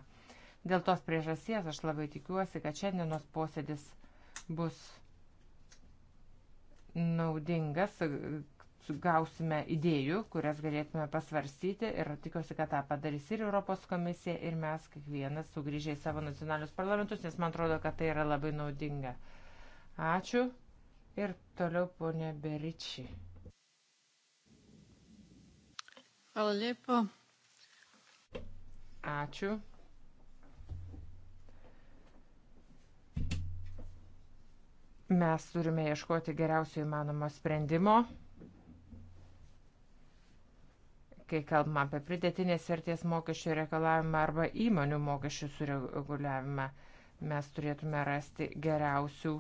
Dėl tos priežasties aš labai tikiuosi, kad šiandienos posėdis bus naudingas, gausime idėjų, kurias galėtume pasvarstyti ir tikiuosi, kad tą padarys ir Europos komisija, ir mes kiekvienas sugrįžę į savo nacionalius parlamentus, nes man atrodo, kad tai yra labai naudinga. Ačiū ir toliau ponė Beričiai. Hvala lijepo. Ačiū. Mes turime ieškoti geriausio įmanomo sprendimo kai kalbama apie pridėtinės vertės mokesčių reikalavimą arba įmonių mokesčių sureguliavimą. Mes turėtume rasti geriausių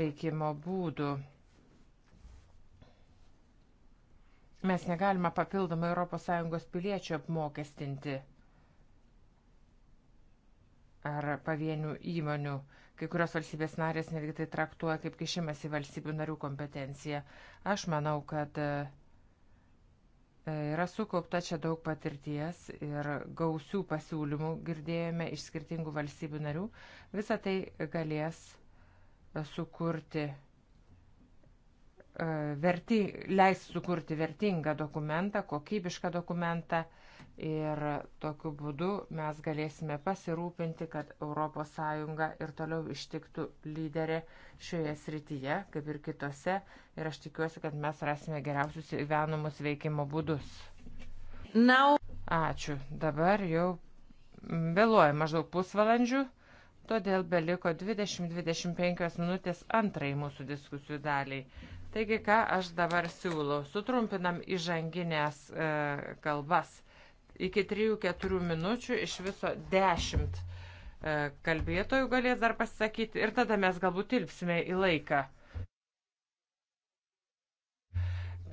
veikimo būdų. Mes negalime papildomai ES piliečių apmokestinti ar pavienių įmonių. Kai kurios valstybės narės netgi tai traktuoja kaip kišimas į valstybių narių kompetenciją. Aš manau, kad uh, E, yra sukaupta čia daug patirties ir gausių pasiūlymų girdėjome iš skirtingų valstybių narių. Visą tai galės e, sukurti, e, verti, leis sukurti vertingą dokumentą, kokybišką dokumentą, Ir tokiu būdu mes galėsime pasirūpinti, kad ES ir toliau ištiktų lyderė šioje srityje, kaip ir kitose. Ir aš tikiuosi, kad mes rasime geriausius įvenomus veikimo būdus. Now. Ačiū. Dabar jau vėluoja maždaug pusvalandžių, todėl beliko 20-25 minutės antrai mūsų diskusijų daliai. Taigi, ką aš dabar siūlau? Sutrumpinam įžanginės e, kalbas iki 3-4 minučių iš viso 10 e, kalbėtojų galės dar pasisakyti ir tada mes galbūt tilpsime į laiką.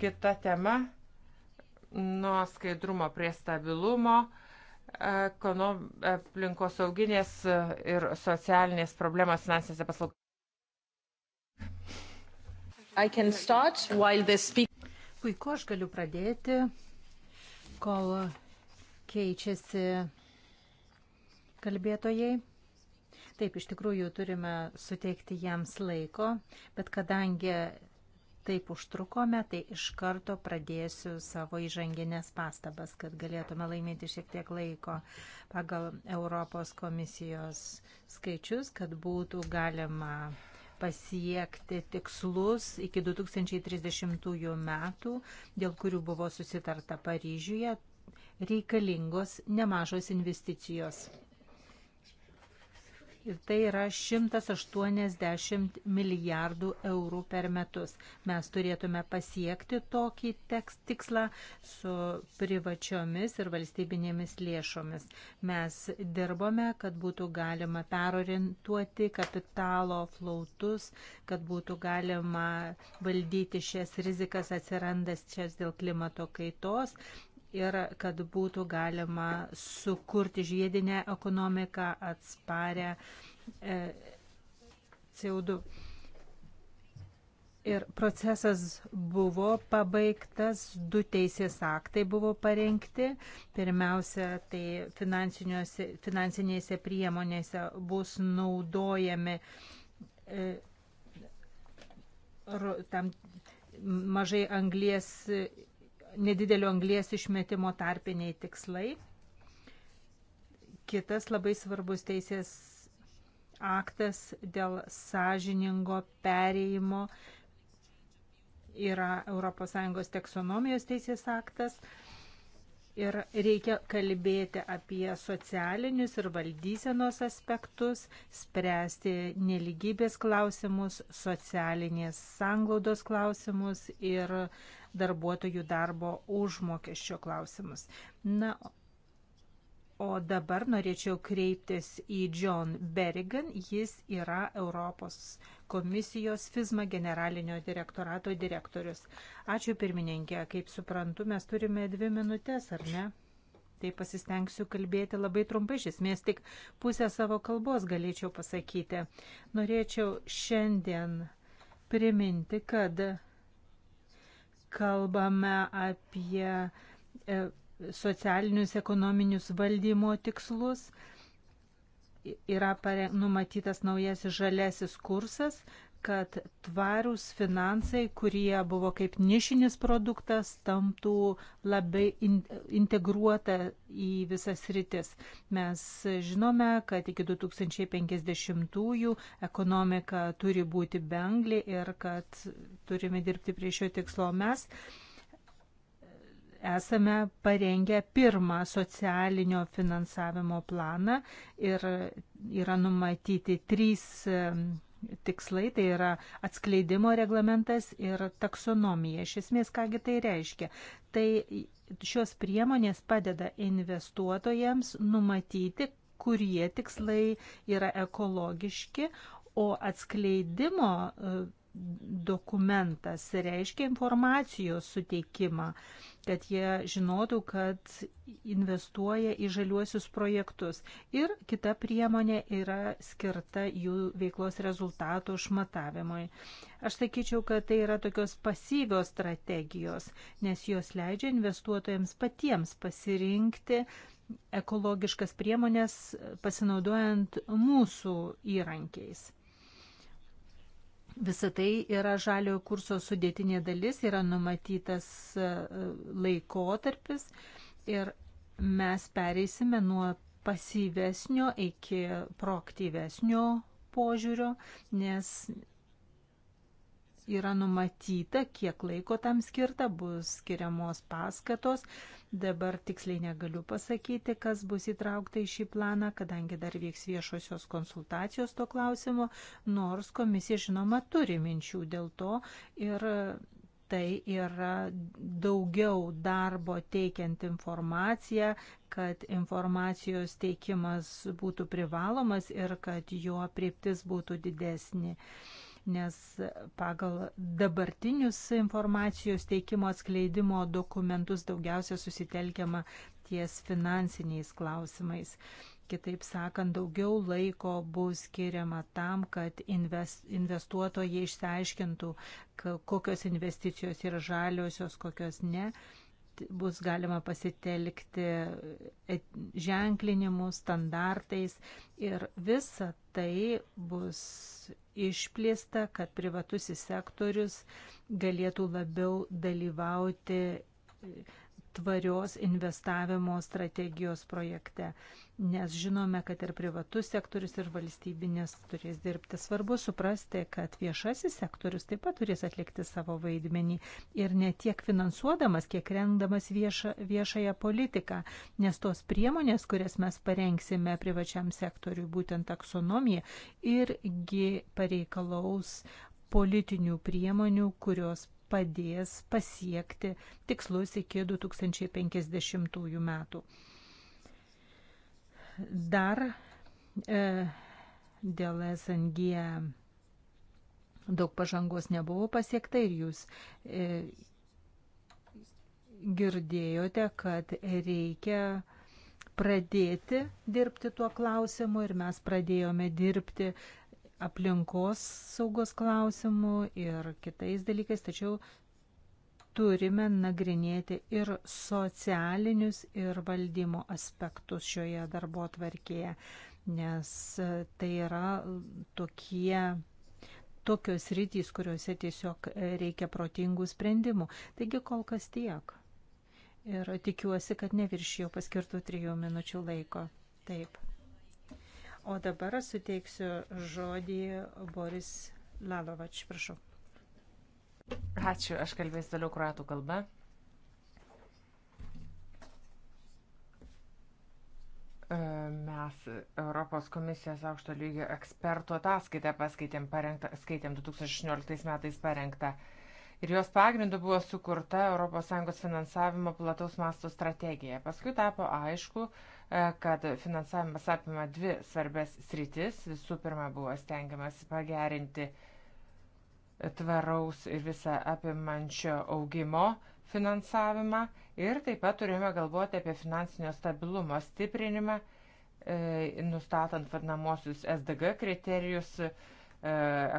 Kita tema - nuo skaidrumo prie stabilumo, e, aplinkosauginės ir socialinės problemos finansinėse paslaugose. Puiku, aš galiu pradėti, kol keičiasi kalbėtojai. Taip, iš tikrųjų turime suteikti jiems laiko, bet kadangi taip užtrukome, tai iš karto pradėsiu savo įžanginės pastabas, kad galėtume laimėti šiek tiek laiko pagal Europos komisijos skaičius, kad būtų galima pasiekti tikslus iki 2030 metų, dėl kurių buvo susitarta Paryžiuje reikalingos nemažos investicijos. Ir tai yra 180 milijardų eurų per metus. Mes turėtume pasiekti tokį tekst, tikslą su privačiomis ir valstybinėmis lėšomis. Mes dirbome, kad būtų galima perorientuoti kapitalo flautus, kad būtų galima valdyti šias rizikas atsirandas šias dėl klimato kaitos ir kad būtų galima sukurti žiedinę ekonomiką atsparę e, CO2. Ir procesas buvo pabaigtas, du teisės aktai buvo parengti. Pirmiausia, tai finansinėse priemonėse bus naudojami e, tam mažai anglies nedidelio anglės išmetimo tarpiniai tikslai. Kitas labai svarbus teisės aktas dėl sąžiningo pereimo yra ES teksonomijos teisės aktas. Ir reikia kalbėti apie socialinius ir valdysenos aspektus, spręsti neligybės klausimus, socialinės sanglaudos klausimus ir darbuotojų darbo užmokesčio klausimus. Na, o dabar norėčiau kreiptis į John Berrigan. Jis yra Europos komisijos FISMA generalinio direktorato direktorius. Ačiū pirmininkė, kaip suprantu, mes turime dvi minutės, ar ne? tai pasistengsiu kalbėti labai trumpai, iš esmės tik pusę savo kalbos galėčiau pasakyti. Norėčiau šiandien priminti, kad kalbame apie e, socialinius ekonominius valdymo tikslus. Yra numatytas naujasis žalesis kursas, kad tvarūs finansai, kurie buvo kaip nišinis produktas, tamtų labai in, integruota į visas rytis. Mes žinome, kad iki 2050-ųjų ekonomika turi būti bengli ir kad turime dirbti prie šio tikslo mes. Esame parengę pirmą socialinio finansavimo planą ir yra numatyti trys tikslai, tai yra atskleidimo reglamentas ir taksonomija. Iš esmės, kągi tai reiškia? Tai šios priemonės padeda investuotojams numatyti, kurie tikslai yra ekologiški, o atskleidimo e, dokumentas reiškia informacijos suteikimą. Uh, kad jie žinotų, kad investuoja į žaliuosius projektus. Ir kita priemonė yra skirta jų veiklos rezultatų išmatavimui. Aš sakyčiau, kad tai yra tokios pasyvios strategijos, nes jos leidžia investuotojams patiems pasirinkti ekologiškas priemonės pasinaudojant mūsų įrankiais. Visą tai yra žaliojo kurso sudėtinė dalis, yra numatytas e, laikotarpis ir mes pereisime nuo pasyvesnio iki proaktyvesnio požiūrio, nes yra numatyta, kiek laiko tam skirta, bus skiriamos paskatos. Dabar tiksliai negaliu pasakyti, kas bus įtraukta į šį planą, kadangi dar vyks viešosios konsultacijos to klausimo, nors komisija žinoma turi minčių dėl to ir tai yra daugiau darbo teikiant informaciją, kad informacijos teikimas būtų privalomas ir kad jo prieptis būtų didesnė nes pagal dabartinius informacijos teikimo atskleidimo dokumentus daugiausia susitelkiama ties finansiniais klausimais. Kitaip sakant, daugiau laiko bus skiriama tam, kad investuotojai išsiaiškintų, kokios investicijos yra žaliosios, kokios ne. Bus galima pasitelkti ženklinimu, standartais ir visa tai bus išplėsta, kad privatusis sektorius galėtų labiau dalyvauti tvarios investavimo strategijos projekte, nes žinome, kad ir privatus sektorius, ir valstybinis turės dirbti. Svarbu suprasti, kad viešasis sektorius taip pat turės atlikti savo vaidmenį ir ne tiek finansuodamas, kiek rendamas vieša, viešąją politiką, nes tos priemonės, kurias mes parengsime privačiam sektoriui, būtent taksonomija, irgi pareikalaus politinių priemonių, kurios padės pasiekti tikslus iki 2050 metų. Dar e, dėl SNG daug pažangos nebuvo pasiekta ir jūs e, girdėjote, kad reikia pradėti dirbti tuo klausimu ir mes pradėjome dirbti aplinkos saugos klausimų ir kitais dalykais, tačiau turime nagrinėti ir socialinius, ir valdymo aspektus šioje darbo tvarkėje, nes tai yra tokie tokios rytys, kuriuose tiesiog reikia protingų sprendimų. Taigi kol kas tiek. Ir tikiuosi, kad neviršėjau paskirtų trijų minučių laiko. Taip. O dabar suteiksiu žodį Boris Lalovač, prašau. Ačiū, aš kalbėsiu toliau kruatų kalba. E, mes Europos komisijos aukšto lygio ekspertų ataskaitę paskaitėm, parengtą, skaitėm 2016 metais parengtą. Ir jos pagrindu buvo sukurta ES finansavimo plataus masto strategija. Paskui tapo aišku, E, kad finansavimas apima dvi svarbės sritis. Visų pirma, buvo stengiamas pagerinti tvaraus ir visą apimančio augimo finansavimą ir taip pat turėjome galvoti apie finansinio stabilumo stiprinimą, e, nustatant vadinamosius SDG kriterijus, e,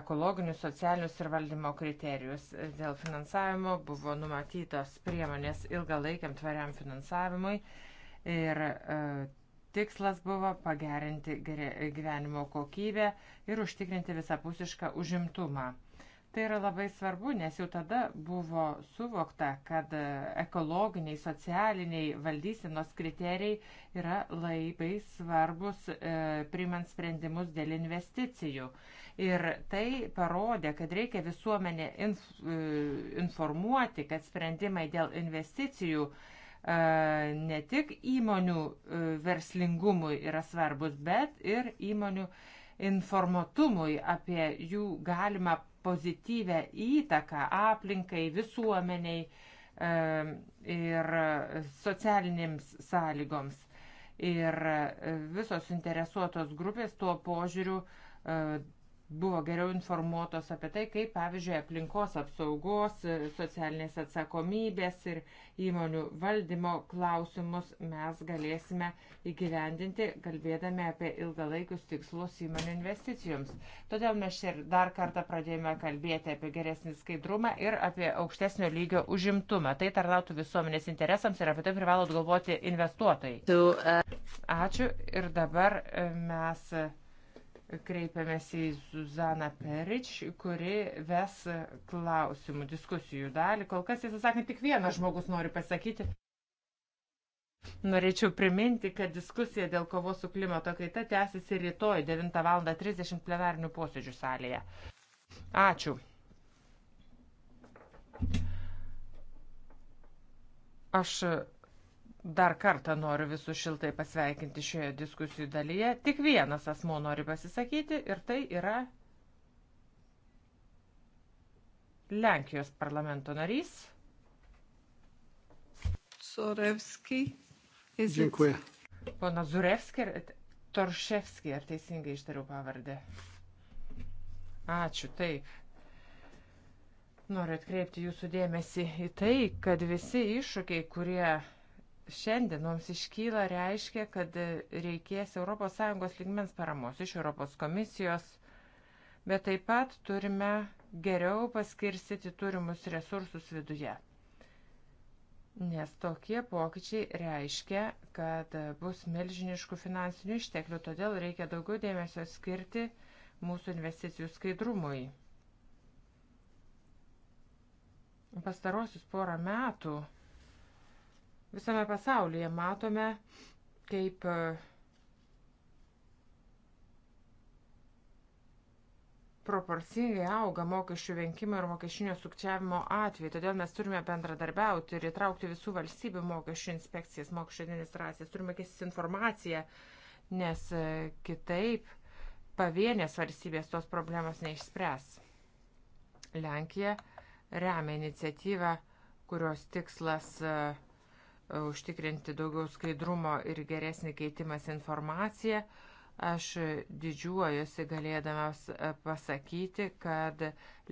ekologinius, socialinius ir valdymo kriterijus. Dėl finansavimo buvo numatytos priemonės ilgalaikiam tvariam finansavimui Ir e, tikslas buvo pagerinti gyvenimo kokybę ir užtikrinti visapusišką užimtumą. Tai yra labai svarbu, nes jau tada buvo suvokta, kad e, ekologiniai, socialiniai valdysenos kriterijai yra labai svarbus e, primant sprendimus dėl investicijų. Ir tai parodė, kad reikia visuomenę inf, e, informuoti, kad sprendimai dėl investicijų e, E, ne tik įmonių e, verslingumui yra svarbus, bet ir įmonių informatumui apie jų galimą pozityvę įtaką aplinkai, visuomeniai e, ir socialinėms sąlygoms. Ir visos interesuotos grupės tuo požiūriu buvo geriau informuotos apie tai, kaip, pavyzdžiui, aplinkos apsaugos, socialinės atsakomybės ir įmonių valdymo klausimus mes galėsime įgyvendinti, kalbėdami apie ilgalaikius tikslus įmonių investicijoms. Todėl mes ir dar kartą pradėjome kalbėti apie geresnį skaidrumą ir apie aukštesnio lygio užimtumą. Tai tarnautų visuomenės interesams ir apie tai privalot galvoti investuotojai. Uh, Ačiū ir dabar uh, mes kreipiamės į Zuzaną Perič, kuri ves klausimų, diskusijų dalį. Kol kas, tiesą sakant, tik vienas žmogus nori pasakyti. Norėčiau priminti, kad diskusija dėl kovos su klimato kaita tęsiasi rytoj 9.30 plenarnių posėdžių salėje. Ačiū. Aš Dar kartą noriu visus šiltai pasveikinti šioje diskusijų dalyje. Tik vienas asmo nori pasisakyti ir tai yra Lenkijos parlamento narys. Sorevski. Dziękuję. Pana Zurevski, Torševski, ar teisingai ištariu pavardę? Ačiū, taip. Noriu atkreipti jūsų dėmesį į tai, kad visi iššūkiai, kurie šiandien mums iškyla reiškia, kad reikės ES lygmens paramos iš ES komisijos, bet taip pat turime geriau paskirstyti turimus resursus viduje. Nes tokie pokyčiai reiškia, kad bus milžiniškų finansinių išteklių, todėl reikia daugiau dėmesio skirti mūsų investicijų skaidrumui. Pastarosius porą metų Visame pasaulyje matome, kaip e, proporcingai auga mokesčių venkimo ir mokesčinio sukčiavimo atvejai. Todėl mes turime bendradarbiauti ir įtraukti visų valstybių mokesčių inspekcijas, mokesčių administracijas. Turime keistis informaciją, nes e, kitaip pavienės valstybės tos problemos neišspręs. Lenkija remia iniciatyvą, kurios tikslas uh, užtikrinti daugiau skaidrumo ir geresnį keitimas informaciją. Aš didžiuojuosi galėdamas e, pasakyti, kad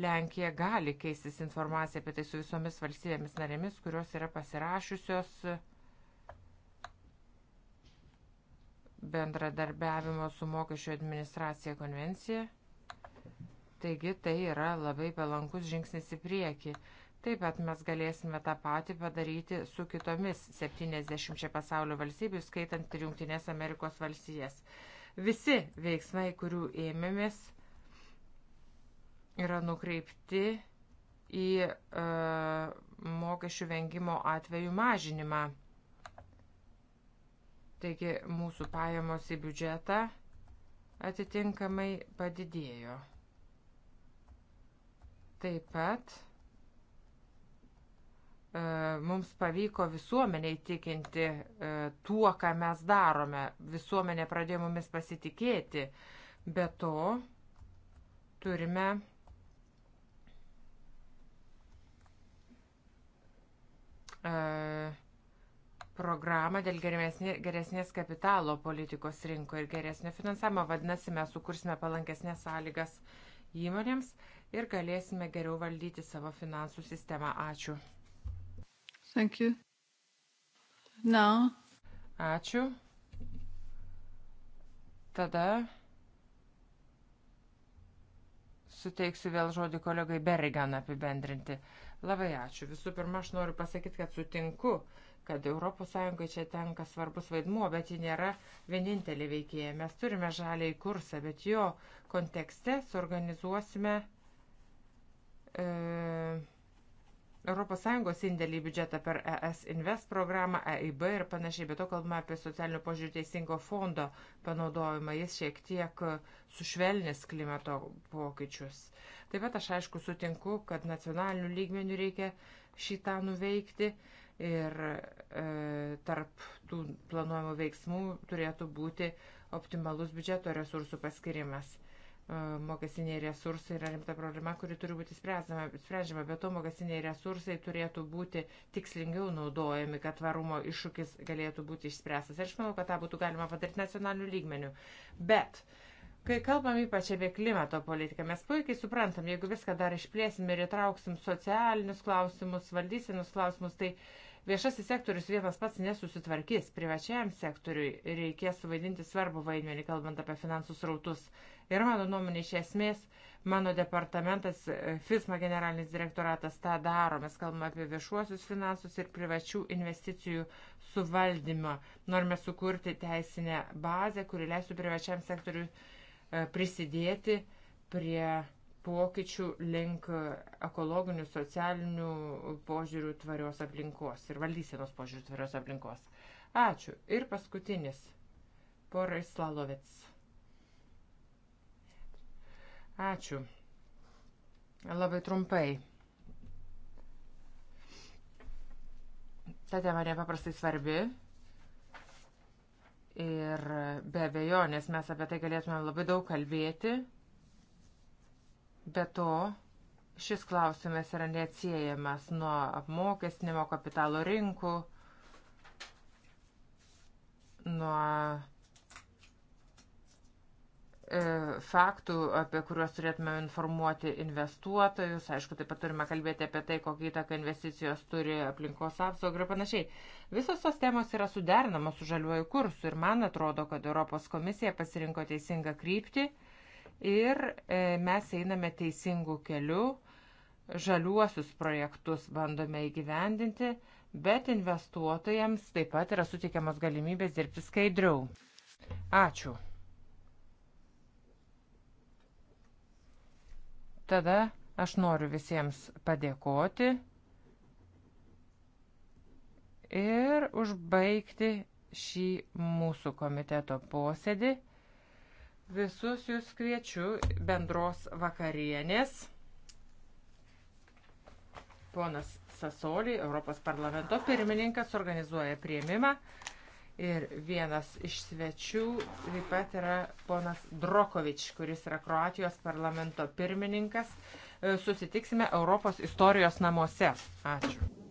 Lenkija gali keistis informaciją apie tai su visomis valstybėmis narėmis, kurios yra pasirašiusios bendradarbiavimo su mokesčio administracija konvencija. Taigi tai yra labai palankus žingsnis į priekį. Taip pat mes galėsime tą patį padaryti su kitomis 70 pasaulio valstybių, skaitant ir Junktinės Amerikos valstijas. Visi veiksmai, kurių ėmėmės, yra nukreipti į e, mokesčių vengimo atvejų mažinimą. Taigi mūsų pajamos į biudžetą atitinkamai padidėjo. Taip pat E, mums pavyko visuomenę įtikinti e, tuo, ką mes darome. Visuomenė pradėjo mumis pasitikėti. Be to turime e, programą dėl geresnės kapitalo politikos rinko ir geresnio finansavimo. Vadinasi, mes sukursime palankesnės sąlygas įmonėms ir galėsime geriau valdyti savo finansų sistemą. Ačiū. Thank you. No. Ačiū. Tada suteiksiu vėl žodį kolegai Berigan apibendrinti. Labai ačiū. Visų pirma, aš noriu pasakyti, kad sutinku, kad ES čia tenka svarbus vaidmuo, bet ji nėra vienintelė veikėja. Mes turime žaliai kursą, bet jo kontekste suorganizuosime. E, ES indėlį į biudžetą per ES Invest programą, EIB ir panašiai, bet to kalbame apie socialinio požiūrį teisingo fondo panaudojimą, jis šiek tiek sušvelnis klimato pokyčius. Taip pat aš aišku sutinku, kad nacionalinių lygmenių reikia šitą nuveikti ir e, tarp tų planuojamų veiksmų turėtų būti optimalus biudžeto resursų paskirimas. E, mokesiniai resursai yra rimta problema, kuri turi būti sprendžiama, bet to mokesiniai resursai turėtų būti tikslingiau naudojami, kad tvarumo iššūkis galėtų būti išspręstas. Ir aš manau, kad tą būtų galima padaryti nacionaliniu lygmeniu. Bet, kai kalbam ypač apie klimato politiką, mes puikiai suprantam, jeigu viską dar išplėsim ir įtrauksim socialinius klausimus, valdysinus klausimus, tai uh, Viešasis sektorius vienas pats nesusitvarkys, privačiajam sektoriui reikės suvaidinti svarbu vaidmenį, kalbant apie finansų srautus. Ir mano nuomonė iš esmės, mano departamentas, e, FISMA generalinis direktoratas tą daro. Mes kalbame apie viešuosius finansus ir privačių investicijų suvaldymą. Norime sukurti teisinę bazę, kuri leistų privačiam sektoriui e, prisidėti prie pokyčių link ekologinių, socialinių požiūrių tvarios aplinkos ir valdysenos požiūrių tvarios aplinkos. Ačiū. Ir paskutinis. Porai Slalovets. Ačiū. Labai trumpai. Ta tema nepaprastai svarbi. Ir be abejo, nes mes apie tai galėtume labai daug kalbėti Be to, šis klausimas yra neatsiejamas nuo apmokestinimo kapitalo rinkų, nuo e, faktų, apie kuriuos turėtume informuoti investuotojus. Aišku, taip pat turime kalbėti apie tai, kokį įtaką investicijos turi aplinkos apsaugą ir panašiai. Visos tos temos yra suderinamos su žaliuoju kursu ir man atrodo, kad Europos komisija pasirinko teisingą kryptį. Uh, ir e, mes einame teisingų kelių, žaliuosius projektus bandome įgyvendinti, bet investuotojams taip pat yra suteikiamas galimybės dirbti skaidriau. Ačiū. Tada aš noriu visiems padėkoti ir užbaigti šį mūsų komiteto posėdį. Visus jūs kviečiu bendros vakarienės. Ponas Sasolį, Europos parlamento pirmininkas, organizuoja prieimimą. Ir vienas iš svečių taip pat yra ponas Drokovič, kuris yra Kroatijos parlamento pirmininkas. E, susitiksime Europos istorijos namuose. Ačiū.